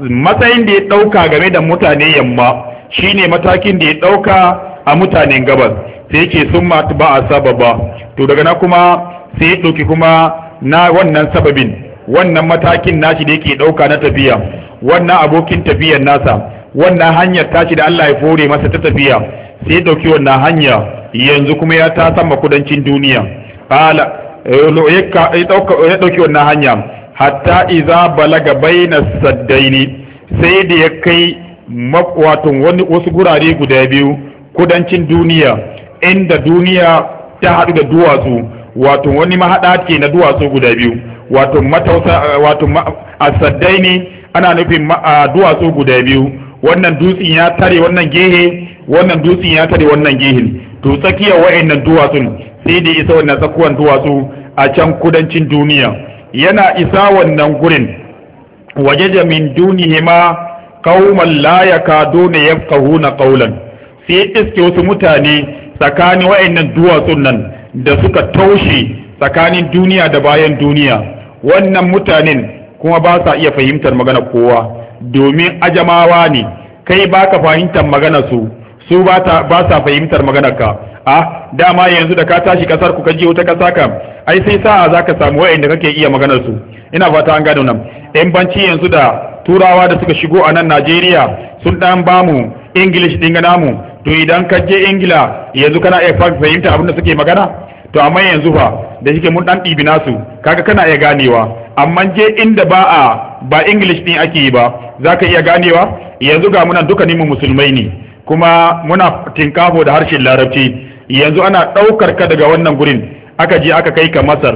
matsayin da ya ɗauka game da mutane yamma shine matakin da ya ɗauka a mutanen gabas sai yake sun matu ba a sababa to daga na kuma sai ya ɗauki kuma na wannan sababin wannan matakin nashi da yake ɗauka na tafiya wannan abokin tafiyar nasa wannan hanyar tashi da Allah ya fore masa ta tafiya sai ya ɗauki wannan hanya yanzu kuma ya ta sama kudancin duniya eh, ya ɗauki wannan hanya hatta iza balaga bayna saddaini sai da ya kai wato wani wasu gurare guda biyu kudancin duniya inda duniya ta haɗu da duwatsu wato wani mahaɗa ke na duwatsu guda biyu wato matausa wato a saddaini ana nufin duwatsu guda biyu wannan dutsen ya tare wannan gehe wannan dutsen ya tare wannan gehe to tsakiyar wa'annan duwatsun sai da isa wannan tsakuwan duwatsu a can kudancin duniya yana isa wannan gurin waje min dunihima qauman la yakaduna yafqahuna qawlan sai iske wasu mutane tsakanin wayannan duwatsun nan da suka taushe tsakanin duniya da bayan duniya wannan mutanen kuma ba sa iya fahimtar magana kowa domin ajamawa ne kai ba ka fahimtar magana su su ba sa fahimtar magana ka ah dama yanzu da ka tashi kasar ku kaje wata kasa ka ai sai sa'a za zaka samu da kake iya maganar su ina fata an gano nan in banci yanzu da turawa da suka shigo a nan Najeriya sun dan bamu English din gana mu to idan ka je Ingila yanzu kana iya fahimta abin da suke magana to amma yanzu fa da shike mun dan ɗibi nasu kaga kana iya ganewa amma je inda ba a ba English din ake yi ba za ka iya ganewa yanzu ga muna duka mu musulmai ne kuma muna tinkafo da harshen larabci yanzu ana ɗaukar ka daga wannan gurin aka je aka kai ka masar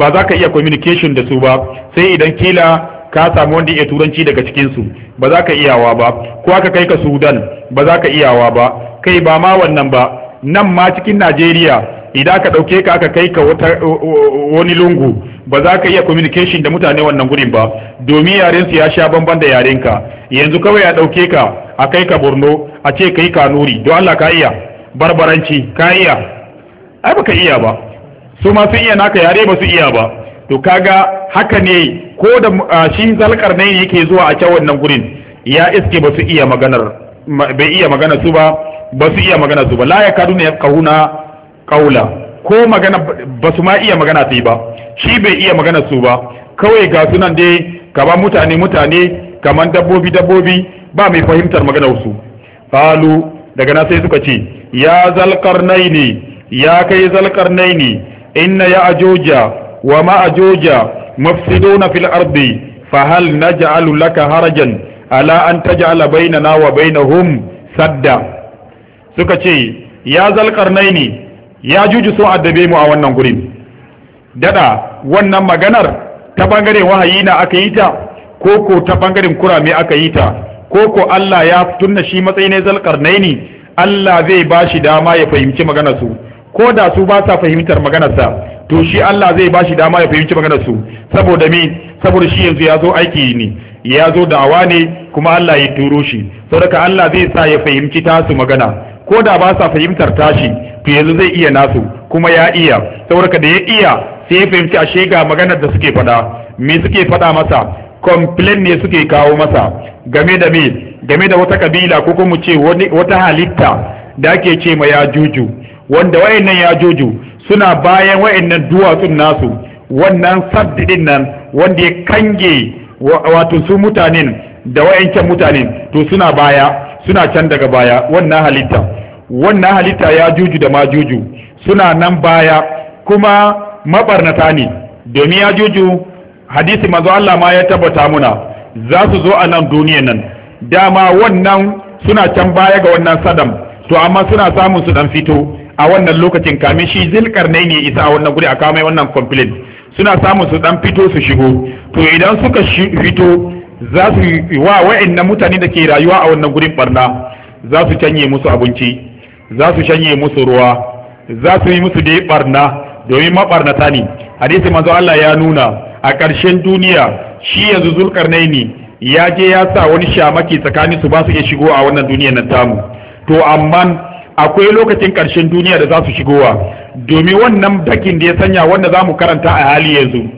ba za ka iya communication da su ba sai idan kila ka samu wanda ya turanci daga cikinsu ba za ka iyawa ba ko aka kai ka sudan ba za ka iyawa ba kai ba ma wannan ba nan ma cikin najeriya idan ka ɗauke ka aka kai ka wani lungu ba za ka iya communication da mutane wannan gurin ba domin yarensu ya sha bamban da yaren ka yanzu kawai ya ɗauke ka a kai ka borno a ce kai kanuri don allah ka iya barbaranci ka iya ai baka iya ba su ma sun iya naka yare ba su iya ba to kaga haka ne ko da shi zalkar ne yake zuwa a can wannan gurin ya iske ba su iya maganar bai iya magana su ba ba su iya magana su ba la ya kadu ne kauna kaula ko magana ba su ma iya magana su ba shi bai iya magana su ba kawai ga sunan dai kaba mutane mutane kamar dabbobi dabbobi ba mai fahimtar maganar su qalu daga nan sai suka ce ya zalkar ne ya kai zalkar ne inna ajoja wa ma'juja mufsiduna fil ardi fahal na laka harajan ala an taj'ala bainana wa bainahum sadda suka ce ya zalqarnaini ya juju sun addabe mu a wannan gurin dada wannan maganar ta bangaren wahayi na aka yi ta ko ko ta bangaren kurame aka yi ta ko ko Allah ya tunna shi matsayin zalqarnaini Allah zai ba shi dama ya fahimci maganar su ko da su ba sa fahimtar maganarsa to shi Allah zai bashi dama ya fahimci maganar su saboda me saboda shi yanzu ya zo aiki ne ya zo da'awa ne kuma Allah ya turo shi saboda Allah zai sa ya fahimci tasu magana ko da ba sa fahimtar tashi to yanzu zai iya nasu kuma ya iya saboda da ya iya sai ya fahimci a ga maganar da suke faɗa me suke faɗa masa complain ne suke kawo masa game da me game da wata kabila ko kuma ce wata halitta da ake ce ma ya juju wanda wayannan ya jojo suna bayan wayannan duwatsun nasu wannan saddidin nan wanda ya kange wato su mutanen da wayancan mutanen to suna baya suna can daga baya wannan halitta wannan halitta ya juju da ma juju suna nan baya kuma mabarnata ne domin ya juju hadisi manzo Allah ma ya tabbata muna za su zo a nan duniyan nan dama wannan suna can baya ga wannan sadam to amma suna samun su dan fito a wannan lokacin kamin shi zilkarnai ne isa a wannan guri a kamai wannan complaint suna samun su dan fito su shigo to idan suka fito za su wa na mutane da ke rayuwa a wannan gurin barna za su canye musu abinci za su canye musu ruwa za su yi musu dai barna domin mabarnata ne hadisi manzo Allah ya nuna a ƙarshen duniya shi yanzu ne ya je ya sa wani shamaki tsakanin su ba su iya shigo a wannan duniyar nan tamu to amma akwai lokacin ƙarshen duniya da za su shigowa domin wannan dakin da ya sanya wanda za mu karanta a hali yanzu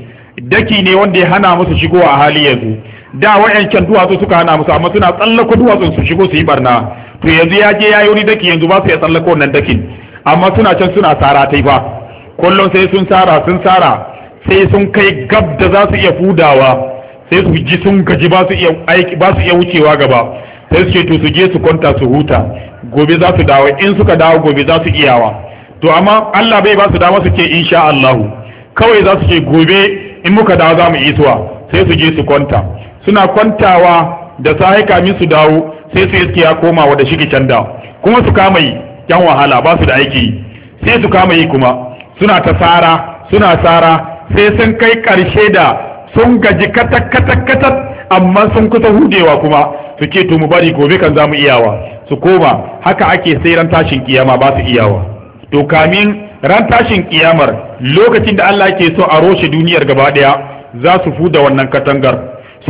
daki ne wanda ya hana musu shigowa a hali yanzu da wa'yancan duwatsu suka hana musu amma suna tsallako duwatsun su shigo su yi barna to yanzu ya je ya yi wani daki yanzu ba su ya tsallako wannan dakin amma suna can suna tsara ta ba kullum sai sun tsara sun tsara sai sun kai gab da za su iya fudawa sai su ji sun gaji ba su iya wucewa gaba sai su ce to su je su kwanta su huta gobe za su dawo in suka dawo gobe za su iyawa to amma Allah bai ba su dama su ce insha Allah kawai za su ce gobe in muka dawo za mu isuwa sai su je su kwanta suna kwantawa da sai kamin su dawo sai su iske ya koma wa da shi da kuma su kama yi yan wahala ba su da aiki sai su kama yi kuma suna ta tsara suna tsara sai sun kai karshe da sun gaji katak amma sun kusa hudewa kuma su ce to mu bari gobe kan za mu iyawa su koma haka ake sai ran tashin kiyama ba su iyawa to kamin ran tashin kiyamar lokacin da Allah ke so a roshe duniyar gaba daya za su huda wannan katangar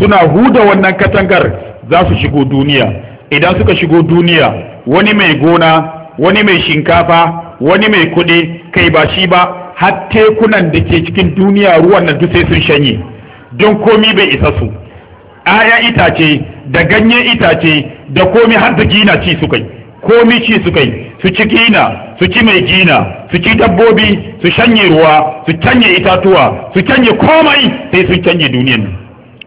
suna huda wannan katangar za su shigo duniya idan suka shigo duniya wani mai gona wani mai shinkafa wani mai kuɗi kai ba shi ba har tekunan da ke cikin duniya ruwan nan duk sai sun shanye don komi bai isa su 'ya'yan itace da ganye itace da komi har da gina ci suka yi komi ci suka yi su ci gina su ci mai gina su ci dabbobi su shanye ruwa su canye itatuwa su canye komai sai sun canye duniyan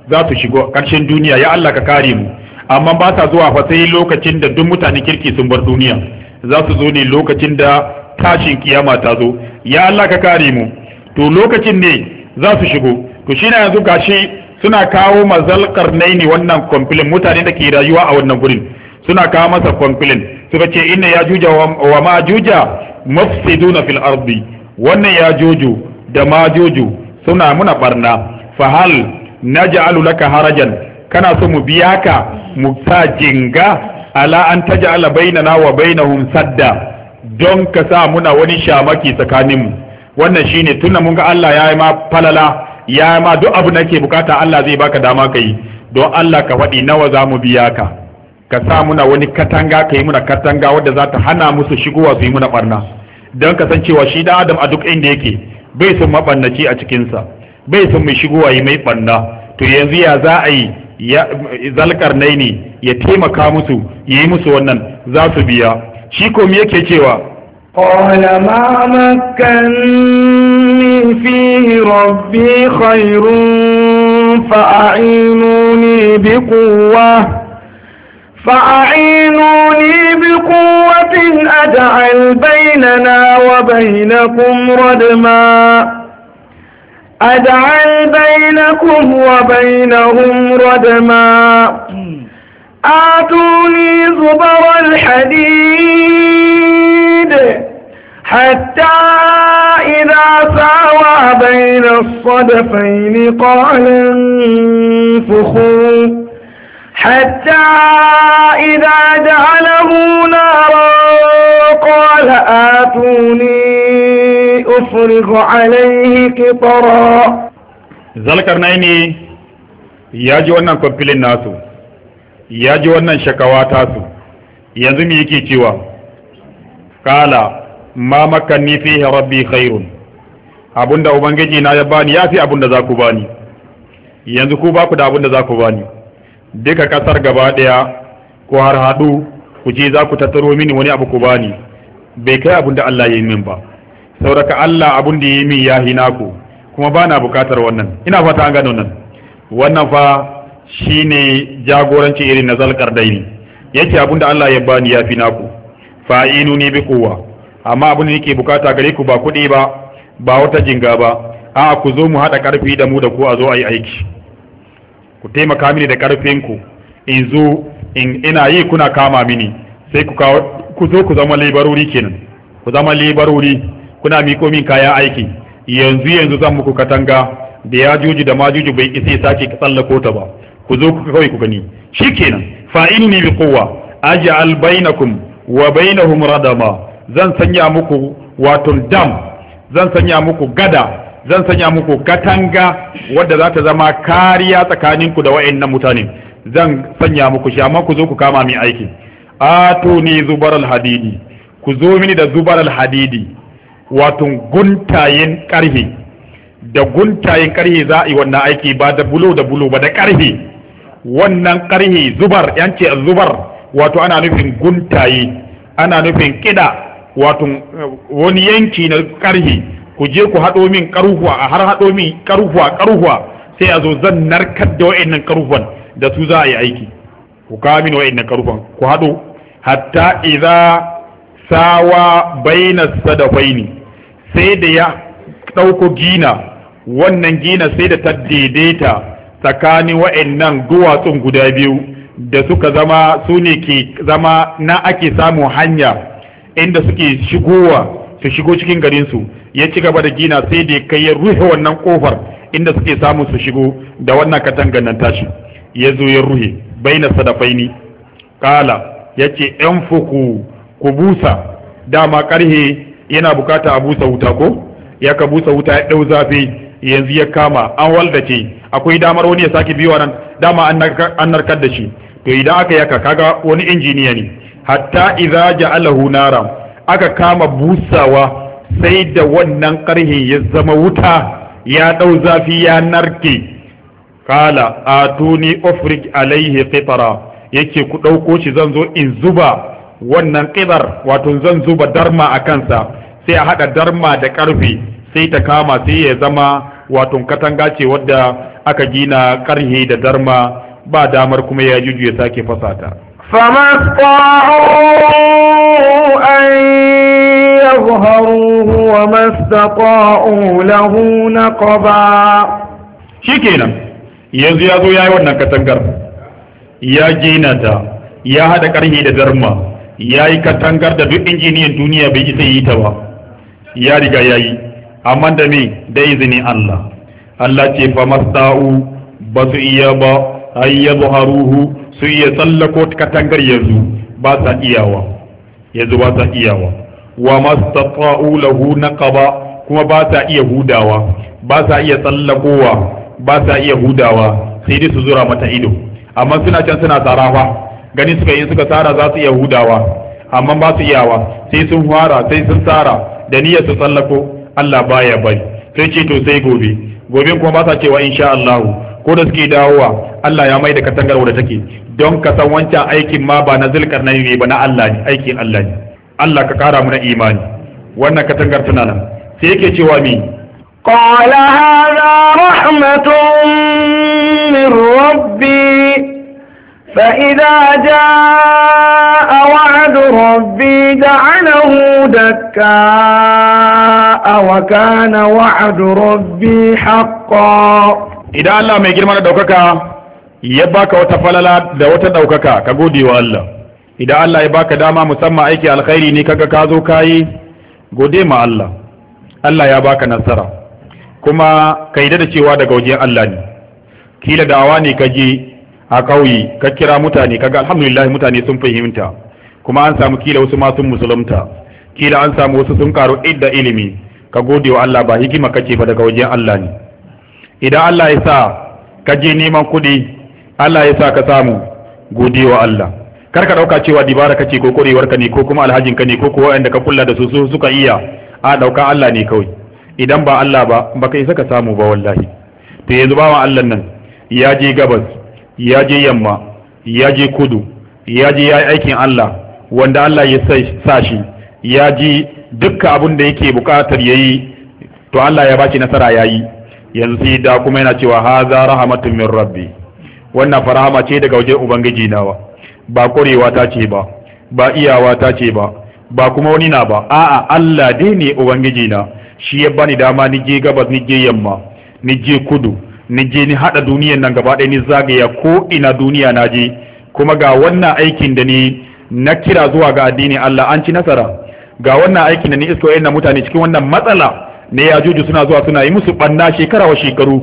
za su shigo ƙarshen duniya ya Allah ka kare mu amma ba sa zuwa fa sai lokacin da duk mutane kirki sun bar duniya za su zo ne lokacin da tashin kiyama ta zo ya Allah ka kare mu to lokacin ne za su shigo to shi na yanzu gashi suna kawo mazalkar ne wannan complain mutane da ke rayuwa a wannan gurin suna kawo masa complain suka ce inna ya juja wa ma juja mafsiduna fil ardi wannan ya jojo da ma jojo suna muna barna fahal naj'alu laka harajan kana so mu biya ka mu sa jinga ala an taj'ala bainana wa bainahum sadda don ka sa muna wani shamaki tsakaninmu wannan shine tunda mun ga Allah ya yi ma falala ya ma duk abu nake bukata Allah zai baka dama ka yi don Allah ka faɗi nawa za mu biya ka ka sa muna wani katanga ka yi muna katanga wadda za ta hana musu shigowa su yi muna barna don ka san cewa shi dan adam a duk inda yake bai san mabannaci a cikinsa bai san mai shigowa yi mai barna to yanzu ya za a yi zalkar naini ya taimaka musu ya yi musu wannan za su biya shi me yake cewa قال ما فيه ربي خير فأعينوني بقوة فأعينوني بقوة أجعل بيننا وبينكم ردما أجعل بينكم وبينهم ردما آتوني زبر الحديد حتى إذا ساوى بين الصدفين قال انفخوا حتى إذا جعله نارا قال آتوني أفرغ عليه قطرا zalkarnaini ya ji wannan kwamfilin nasu ya ji wannan shakawa tasu yanzu me yake cewa kala ma makanni fihi rabbi khairun abunda ubangiji na ya bani fi abunda za ku bani yanzu ku ba da abunda za ku bani duka kasar gaba daya ko har hadu ku je za ku tattaro mini wani abu ku bani bai kai abunda Allah ya yi min ba sauraka Allah abunda ya yi min ya hina ku kuma ba na bukatar wannan ina fata an gano nan wannan fa shine jagoranci irin na zalkar daini yake abunda Allah ya bani ya fi naku fa'inuni bi kowa amma abin da yake bukata gare ku ba kuɗi ba ba wata jinga ba a ku zo mu haɗa ƙarfi da mu da ku a zo a yi aiki ku taimaka mini da ƙarfin ku in zo in ina yi kuna kama mini sai ku kawo ku zo ku zama labarori kenan ku zama kuna miko min kayan aiki yanzu yanzu zan muku katanga da ya juji da ma juji bai isa sake tsallako ta ba ku zo ku kawai ku gani shikenan fa'inni bi quwwa aj'al bainakum wa bainahum radama zan sanya muku wato dam zan sanya muku gada zan sanya muku katanga wadda za ta zama kariya tsakaninku da wa'in na mutane zan sanya muku shi amma ku zo ku kama min aiki ni zubar alhadidi ku zo mini da zubar alhadidi wato guntayen karfe da guntayen karhe za a yi wannan aiki ba da bulo da bulo ba da karhe wannan karfe zubar yance zubar wato ana nufin guntaye ana nufin kida wato wani yanki na karhi ku je ku haɗo min karuhuwa a har haɗo min karuhuwa karuhuwa sai a zo zan narkar da wa'annan karuhuwan da su za a yi aiki ku kawo min wa'annan karuhuwan ku haɗo hatta idza sawa baina sadafaini sai da ya ɗauko gina wannan gina sai da ta daidaita tsakanin wa'annan duwatsun guda biyu da suka zama su ne ke zama na ake samun hanya inda suke shigowa su shigo cikin garinsu ya ci gaba da gina sai da ya kai ya ruhe wannan kofar inda suke samu su shigo da wannan katangar nan tashi ya zo ya ruhe baina sadafaini kala ya ce yan fuku ku busa dama karhe yana bukata a busa wuta ko ya ka busa wuta ya ɗau zafi yanzu ya kama an waldace akwai damar wani ya sake biyo nan dama an narkar da shi to idan aka yaka kaga wani injiniya ne hatta idza ja'alahu nara aka kama busawa sai da wannan karhe ya zama wuta ya dau zafi ya narke kala atuni ofrik alaihi qitara yake ku dauko shi zan zo in zuba wannan qibar wato zan zuba darma a kansa sai a hada darma da karfe sai ta kama sai ya zama wato katanga ce wadda aka gina karhe da darma ba damar kuma ya juju ya sake fasata فما استطاعوا أن يظهروه وما ya له نقبا شكينا يزيادو يا يوانا كتنكر يا جيناتا يا هذا كرهي درما ya yi katangar da duk injiniyan duniya bai isa yi ta ba ya riga ya yi amma da me da izinin Allah Allah ce fa masta'u ba su iya ba ay yadhharuhu su iya tsallako katangar yanzu ba sa iyawa yanzu ba sa iyawa wa mastata'u lahu naqaba kuma ba sa iya hudawa ba sa iya tsallakowa ba sa iya hudawa sai dai su zura mata ido amma suna can suna tsara fa gani suka yi suka tsara za su iya hudawa amma ba su iyawa sai sun fara sai sun tsara da niyyar su tsallako Allah baya bari sai ce to sai gobe gobe kuma ba sa cewa insha Allah ko da suke dawowa Allah ya mai da katangar wadda take don ka san wancan aikin ma ba na zulkar nan ne ba na Allah ne aikin Allah ne Allah ka kara mu na imani wannan katangar tana nan sai yake cewa me qala hadha rahmatun min rabbi فإذا جاء وعد ربي جعله دكاء وكان وعد ربي حقا idan Allah mai girma da ɗaukaka, ya baka wata falala da wata ɗaukaka, ka gode wa Allah idan Allah ya baka dama musamman aiki alkhairi ne kaga ka zo kayi gode ma Allah Allah ya baka nasara kuma ka yi da cewa daga wajen Allah ne kila da'awa ne ka je a ƙauye ka kira mutane kaga alhamdulillah mutane sun fahimta kuma an samu kila wasu ma sun musulunta kila an samu wasu sun karo idda ilimi ka gode wa Allah ba hikima kake ba daga wajen Allah ne idan Allah ya sa ka je neman kuɗi Allah ya sa ka samu gode wa Allah kar ka ɗauka cewa dibara kace ko korewar ka ne ko kuma alhajin ka ne ko kuwa inda ka kula da su su suka iya a ɗauka Allah ne kawai idan ba Allah ba baka isa ka samu ba wallahi to yanzu bawan Allah nan ya je gabas ya je yamma ya je kudu ya je ya yi aikin Allah wanda Allah ya sa shi ya ji dukkan abin da yake bukatar yayi to Allah ya baki nasara yayi yanzu da kuma yana cewa haza rahamatun min rabbi wannan farahama ce daga wajen ubangiji nawa ba korewa ta ce ba ba iyawa ta ce ba ba kuma wani na ba a'a Allah dai ne ubangiji na shi ya bani dama ni je gabas ni je yamma ni je kudu ni je ni hada duniyan nan gaba ɗaya ni zagaya ko ina duniya na je kuma ga wannan aikin da ni na kira zuwa ga addini Allah an ci nasara ga wannan aikin da ni isko yana mutane cikin wannan matsala ne ya juju suna zuwa suna yi musu banna shekara wa shekaru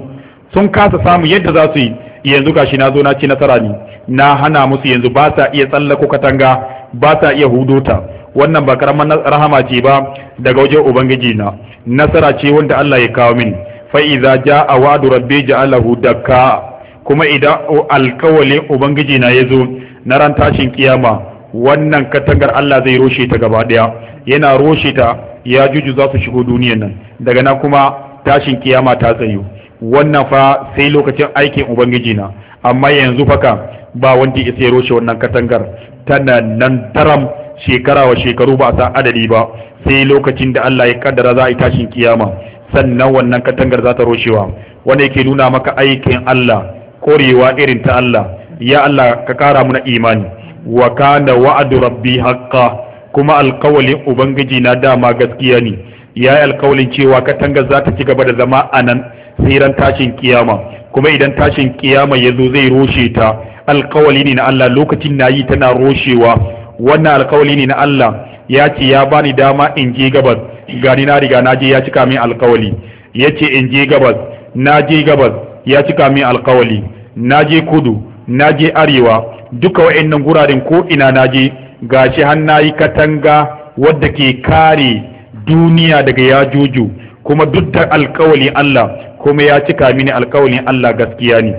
sun kasa samu yadda za su yi yanzu gashi na zo na ci nasara ne na hana musu yanzu ba sa iya tsallako katanga ba sa iya hudota wannan ba karaman rahama ce ba daga wajen ubangiji na nasara ce wanda Allah ya kawo min fa iza jaa wa'du rabbi ja'alahu dakka kuma idan alkawalin ubangiji na yazo na ran tashin kiyama wannan katangar Allah zai roshe ta gaba daya yana roshe ta ya juju za su shigo duniyan nan daga na kuma tashin kiyama ta tsayu wannan fa sai lokacin aikin ubangiji na amma yanzu faka ba wanda ya sai roshe wannan katangar tana nan taram shekara wa shekaru ba a san adadi ba sai lokacin da Allah ya kaddara za a yi tashin kiyama sannan wannan katangar za ta roshewa wanda yake nuna maka aikin Allah korewa irin ta Allah ya Allah ka kara muna imani wa kana wa'adu rabbi haqqan kuma alkawalin ubangiji na dama gaskiya ne ya yi alkawalin cewa katanga za ta ci gaba da zama a nan tseren tashin kiyama kuma idan tashin kiyama ya zo zai roshe ta alkawali ne na Allah lokacin na yi tana roshewa wannan alkawali ne na Allah ya ce ya bani dama in je gabas gani na riga na je ya cika min alkawali ya ce in je gabas na je gabas ya cika min alkawali na je kudu na je arewa duka wa'annan guraren ko ina na je gashi hannayi katanga wadda ke kare duniya daga yajuju kuma duk da alkawalin Allah kuma ya cika mini alkawalin Allah gaskiya ne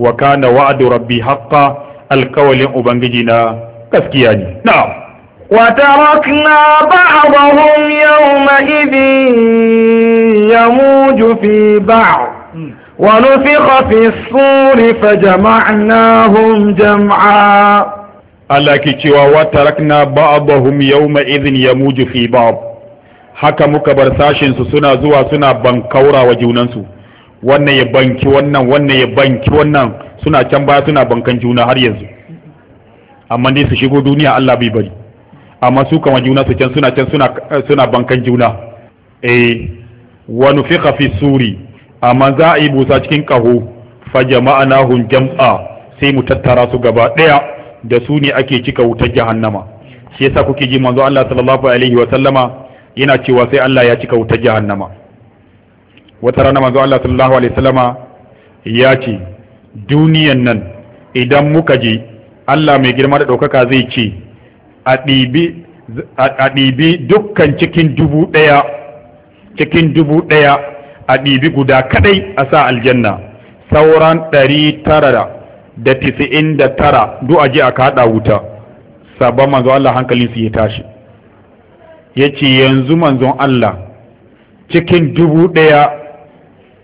wa kana wa'du rabbi haqqan alkawalin ubangiji na gaskiya ne na'am wa tarakna ba'dahum yawma yamuju fi ba'd ونفخ في الصور فجمعناهم جمعا Allah ke cewa wa tarakna ba'dahum yawma idhin yamuju fi ba'd haka muka bar sashin su suna zuwa suna bankaura wa junan su wannan ya banki wannan wannan ya banki wannan suna can baya suna bankan juna har yanzu amma dai su shigo duniya Allah bai bari amma su kama juna su can suna can suna suna bankan juna eh wa nufiqa fi suri amma za a yi busa cikin kaho fa jama'anahum jam'a sai mu tattara su gaba daya da su ne ake cika wutar jahannama shi yasa kuke ji manzo Allah sallallahu alaihi wa sallama yana cewa sai Allah ya cika wutar jahannama wata rana manzo Allah sallallahu alaihi wa sallama ya ce duniyan nan idan muka je Allah mai girma da ɗaukaka zai ce a ɗibi dukkan cikin dubu ɗaya cikin dubu ɗaya a ɗibi guda kaɗai a sa aljanna sauran ɗari tara da tisi'in da tara duk aje a kaɗa wuta sabon manzon Allah hankalin su ya tashi ya ce yanzu manzon Allah cikin dubu ɗaya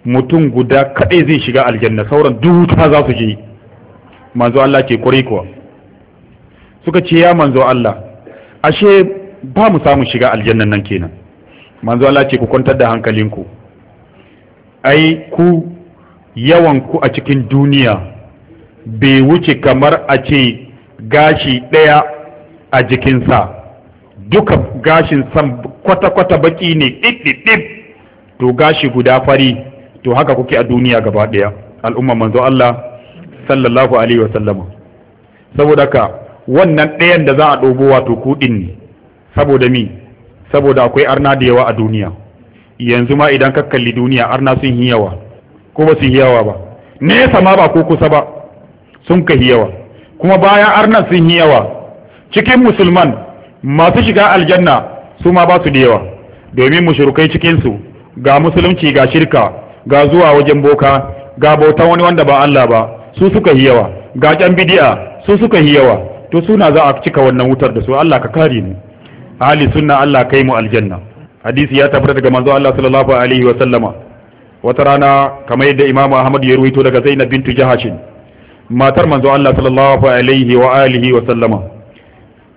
mutum guda kaɗai zai shiga aljanna sauran dubu ta za su je manzo Allah ke kwarai kuwa suka ce ya manzo Allah ashe ba mu samu shiga aljannan nan kenan manzo Allah ce ku kwantar da hankalinku ai ku yawan ku a cikin duniya bai wuce kamar a ce gashi ɗaya a jikinsa duka gashin san kwata-kwata baki ne ɗiɗɗiɗɗib to gashi guda fari to haka kuke a duniya gaba ɗaya al'umma manzo Allah sallallahu alaihi wa sallama saboda ka wannan ɗayan da za a ɗobo wato kuɗin ne saboda mi saboda akwai arna da yawa a duniya yanzu ma idan ka kalli duniya arna sun yi yawa ko ba su yi yawa ba nesa ma ba ko kusa ba sun kai yawa kuma bayan arnan sun yi yawa cikin musulman masu shiga aljanna su ma ba su da yawa domin mushrikai cikin su ga musulunci ga shirka ga zuwa wajen boka ga bautan wani wanda ba Allah ba su suka yi yawa ga can bid'a su suka yi yawa to suna za a cika wannan wutar da su Allah ka kare ni ahli sunna Allah kai mu aljanna hadisi ya tabbata daga manzo Allah sallallahu alaihi wa sallama wata rana kamar yadda imamu Ahmad ya ruwaito daga Zainab bintu Jahashin matar manzo Allah sallallahu alaihi wa alihi wa sallama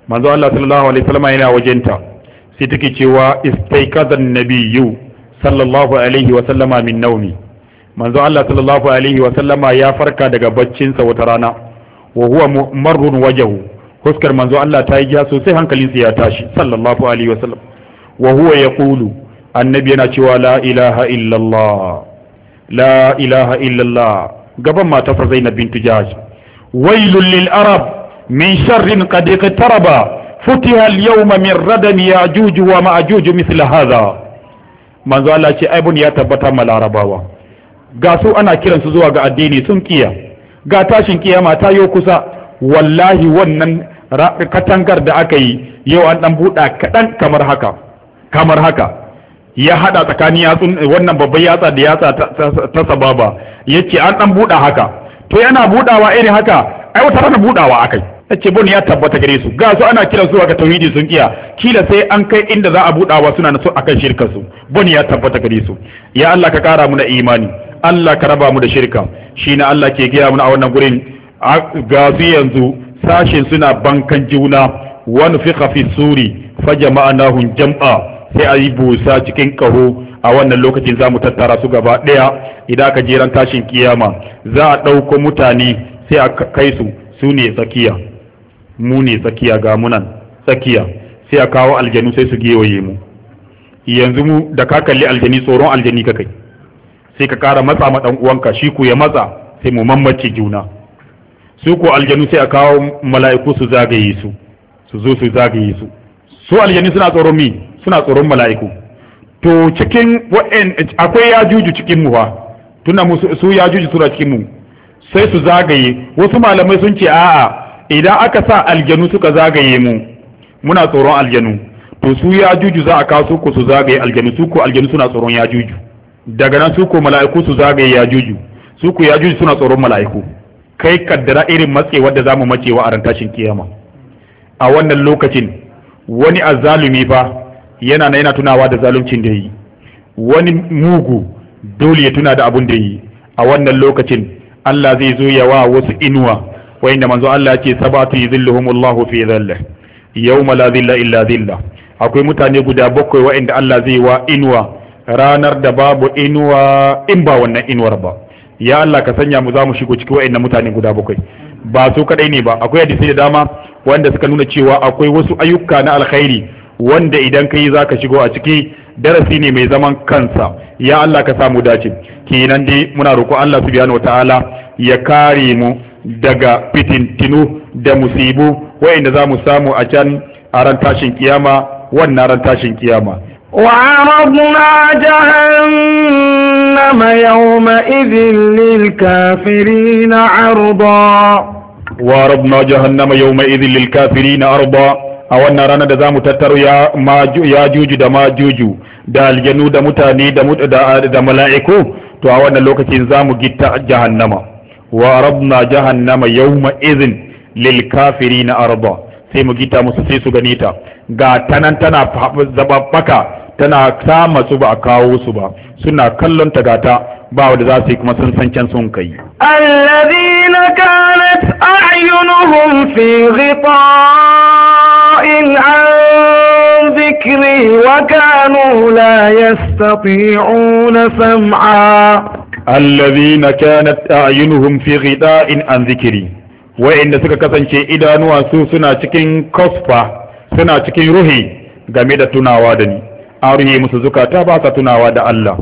manzo Allah sallallahu alaihi wa sallama yana wajenta sai take cewa istaykadha an-nabiyyu sallallahu alaihi wa sallama min naumi manzo Allah sallallahu alaihi wa sallama ya farka daga sa wata rana wa huwa marrun wajahu huskar manzo Allah ta yi ja sosai hankalinsa ya tashi sallallahu alaihi wa sallam wa huwa yaqulu annabi yana cewa la ilaha illallah la ilaha illallah gaban matarsa Zainab bintu Jahash wailul lil arab min sharrin qad iqtaraba futiha al yawma min radan ya'juj wa ma'juj mithla hadha manzo Allah ce aibun ya tabbata ma larabawa ga su ana kiransu zuwa ga addini sun kiya ga tashin kiyama ta yo kusa wallahi wannan katangar da aka yi yau an dan buɗa kaɗan kamar haka kamar haka ya haɗa tsakanin yatsun wannan babban yatsa da yatsa ta sababa ce an ɗan buɗa haka to yana buɗawa irin haka ai wata rana buɗawa akai yace bon ya tabbata gare su ga su ana kira zuwa ga tauhidi sun kiya kila sai an kai inda za a buɗawa suna na so akan shirka su bon ya tabbata gare su ya Allah ka kara mu da imani Allah ka raba mu da shirka shine Allah ke gaya mu a wannan gurin ga su yanzu sashen suna bankan juna wani fi suri fa jama'a jama'anahum jam'a sai a yi busa cikin kaho a wannan lokacin za mu tattara su gaba ɗaya idan aka jeran tashin kiyama za a ɗauko mutane sai a kai su su ne tsakiya mu ne tsakiya ga munan tsakiya sai a kawo aljanu sai su gewaye mu yanzu mu da ka kalli aljani tsoron aljani ka kai sai ka kara matsa ma ɗan uwanka shi ku ya matsa sai mu mammace juna su ko aljanu sai a kawo mala'iku su zagaye su su zo su zagaye su su aljani suna tsoron mi suna tsoron mala'iku to cikin wa'in akwai juju cikin muwa fa tunda su juju suna cikin mu sai su zagaye wasu malamai sun ce a'a idan aka sa aljanu suka zagaye mu muna tsoron aljanu to su juju za a kawo su ko su zagaye aljanu su ko aljanu suna tsoron juju daga nan su ko mala'iku su zagaye juju su ko juju suna tsoron mala'iku kai kaddara irin matse wadda za mu wa a rantashin kiyama a wannan lokacin wani azzalumi fa yana na yana tunawa da zaluncin da yi wani mugu dole ya tuna da abun da yi a wannan lokacin Allah zai zo ya wa wasu inuwa wayanda manzo Allah ya ce sabatu Allahu fi dhillah yawma la dhilla illa dhilla akwai mutane guda bakwai wayanda Allah zai wa inuwa ranar da babu inuwa in ba wannan inuwar ba ya Allah ka sanya mu za mu shigo cikin wayannan mutane guda bakwai ba su kadai ne ba akwai hadisi da dama wanda suka nuna cewa akwai wasu ayyuka na alkhairi wanda idan ka yi za ka shigo a ciki darasi ne mai zaman kansa ya Allah ka samu dace kenan dai muna roƙo Allah subhanahu wataala ya kare mu daga fitintinu da musibu wayanda za mu samu a can a ran tashin kiyama wannan ran tashin kiyama وعرضنا جهنم يومئذ للكافرين عرضا وعرضنا جهنم يومئذ للكافرين عرضا a wannan ranar da mu tattaro ya ya juju da majuju da aljanu da mutane da mala'iku to a wannan lokacin zamu gitta jahannama wa rabna jahannama yawma idhin lil na arba sai mu gita musu sai su gane ta ga tanan tana zababbaka tana sama su ba a kawo su ba suna kallon ta gata ba wanda za su yi kuma sun san can sun kai alladhina kanat a'yunuhum fi ghita إِنْ عَنْ ذِكْرِهِ وَكَانُوا لَا يَسْتَطِيعُونَ سَمْعًا الَّذِينَ كَانَتْ أَعْيُنُهُمْ فِي غِطَاءٍ عَنْ ذِكْرِي وَإِنَّ suka kasance idanuwa su suna cikin kosfa suna cikin ruhi game da tunawa da ni an ruhi musu zukata ba sa tunawa da Allah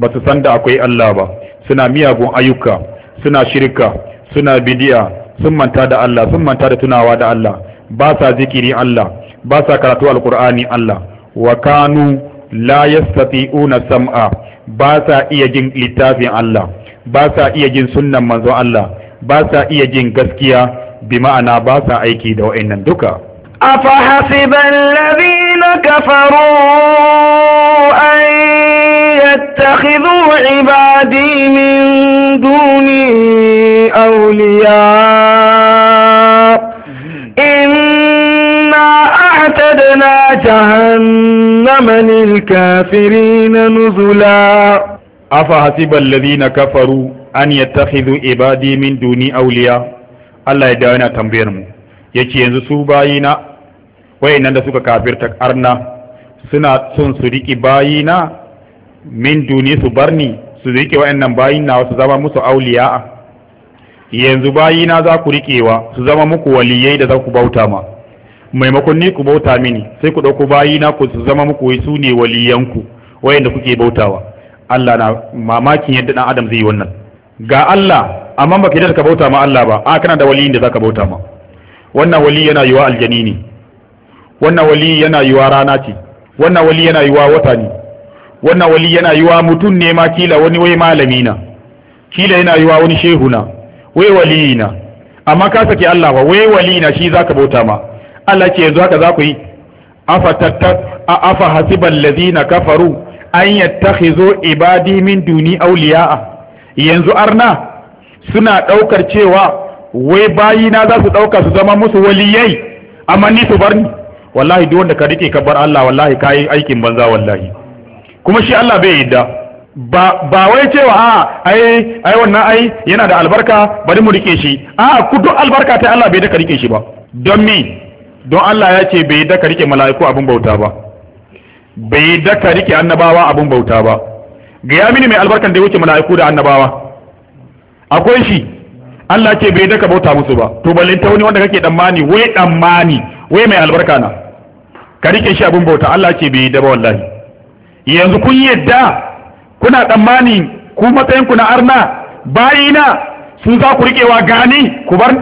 ba su san da akwai Allah ba suna miyagun ayyuka suna shirka suna bidiya sun manta da Allah sun manta da tunawa da Allah ba sa zikiri Allah ba sa karatu alkur'ani Allah wa kanu la yastati'una sam'a ba sa iya jin littafin Allah ba sa iya jin sunnan manzo Allah ba sa iya jin gaskiya bi ma'ana ba sa aiki da wa'annan duka afahasiba alladhina kafaru an yattakhidhu ibadi min duni وأعتدنا جهنم للكافرين kafaru, أفحسب الذين كفروا أن يتخذوا عبادي من Allah ya dawo yana tambayar mu yace yanzu su bayina wayannan da suka kafirta arna suna son su riki bayina min duni su barni su rike wayannan bayina su zama musu auliya yanzu bayina za ku riƙewa su zama muku waliyai da za ku bauta ma maimakon ni ku bauta mini sai ku ɗauko bayina ku su zama muku su ne waliyanku wayanda kuke bautawa Allah na mamakin yadda dan adam zai yi wannan ga Allah amma baka yadda ka bauta ma Allah ba a kana da waliyin da zaka bauta ma wannan wali yana yiwa aljani ne wannan wali yana yiwa rana ce wannan wali yana yiwa wata ne wannan wali yana yiwa mutum ne ma kila wani wai malami na kila yana yiwa wani shehu na wai waliyina amma ka saki Allah ba wai waliyina shi zaka bauta ma Allah ce yanzu haka za ku yi afa hasiban ladina kafaru an yattakhizu ibadi min duni awliya'a yanzu arna suna ɗaukar cewa wai bayina za su dauka su zama musu waliyai amma ni su barni wallahi duk wanda ka rike ka bar Allah wallahi kai aikin banza wallahi kuma shi Allah bai yadda ba ba wai cewa a ah, ai ai wannan ai yana da albarka bari mu rike shi a ku duk albarka ta Allah bai da ka rike shi ba don me don Allah ya ce bai daka rike mala'iku abin bauta ba bai daka rike annabawa abin bauta ba ga ya mini mai albarkan da ya wuce mala'iku da annabawa akwai shi Allah ce bai daka bauta musu ba to balle ta wani wanda kake dammani wai dammani wai mai albarka na ka rike shi abin bauta Allah ce bai da ba wallahi yanzu kun yadda kuna dammani ku matsayin ku na arna bayina sun za ku wa gani ku bar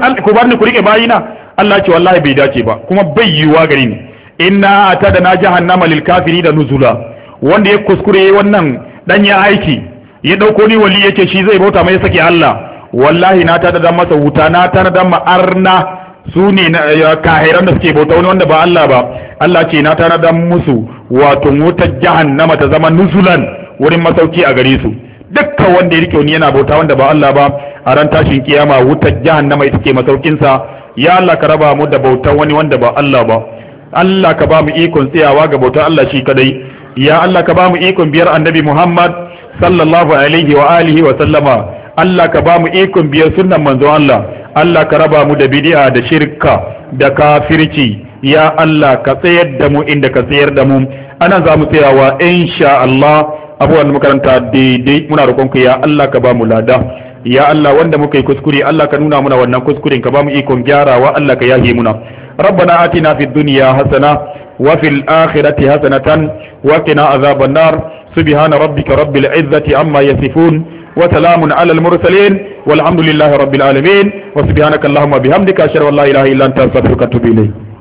ni ku rike bayina Allah ce wallahi bai dace ba kuma bai yiwuwa gare ni inna na jahannama lil kafiri da nuzula wanda ya kuskure wannan dan ya aiki ya dauko ni wali yake shi zai bauta mai sake Allah wallahi na tada masa wuta na tada ma arna su ne kahiran da suke bauta wani wanda ba Allah ba Allah ce na tada musu wato wutar jahannama ta zama nuzulan wurin masauki a gare su dukkan wanda ya rike wani yana bauta wanda ba Allah ba a ran tashin kiyama wutar jahannama ita ke masaukinsa ya Allah ka raba mu da bautan wani wanda ba Allah ba Allah ka ba mu ikon tsayawa ga bautan Allah shi kadai ya Allah ka ba mu ikon biyar annabi Muhammad sallallahu alaihi wa alihi wa sallama Allah ka ba mu ikon biyar sunnan manzo Allah Allah ka raba mu da bid'a da shirka da kafirci ya Allah ka tsayar da mu inda ka tsayar da mu anan za mu tsayawa insha Allah abubuwan makaranta daidai muna roƙonka ya Allah ka ba mu lada ya Allah wanda muka yi kuskure Allah ka nuna muna wannan kuskuren ka ba mu ikon gyarawa Allah ka yahe muna rabbana atina fid dunya hasana wa fil akhirati hasanatan wa qina azaban nar subhana rabbika rabbil izzati amma yasifun wa salamun alal mursalin walhamdulillahi rabbil alamin wa subhanaka allahumma bihamdika ashhadu an la ilaha illa anta astaghfiruka wa atubu ilayk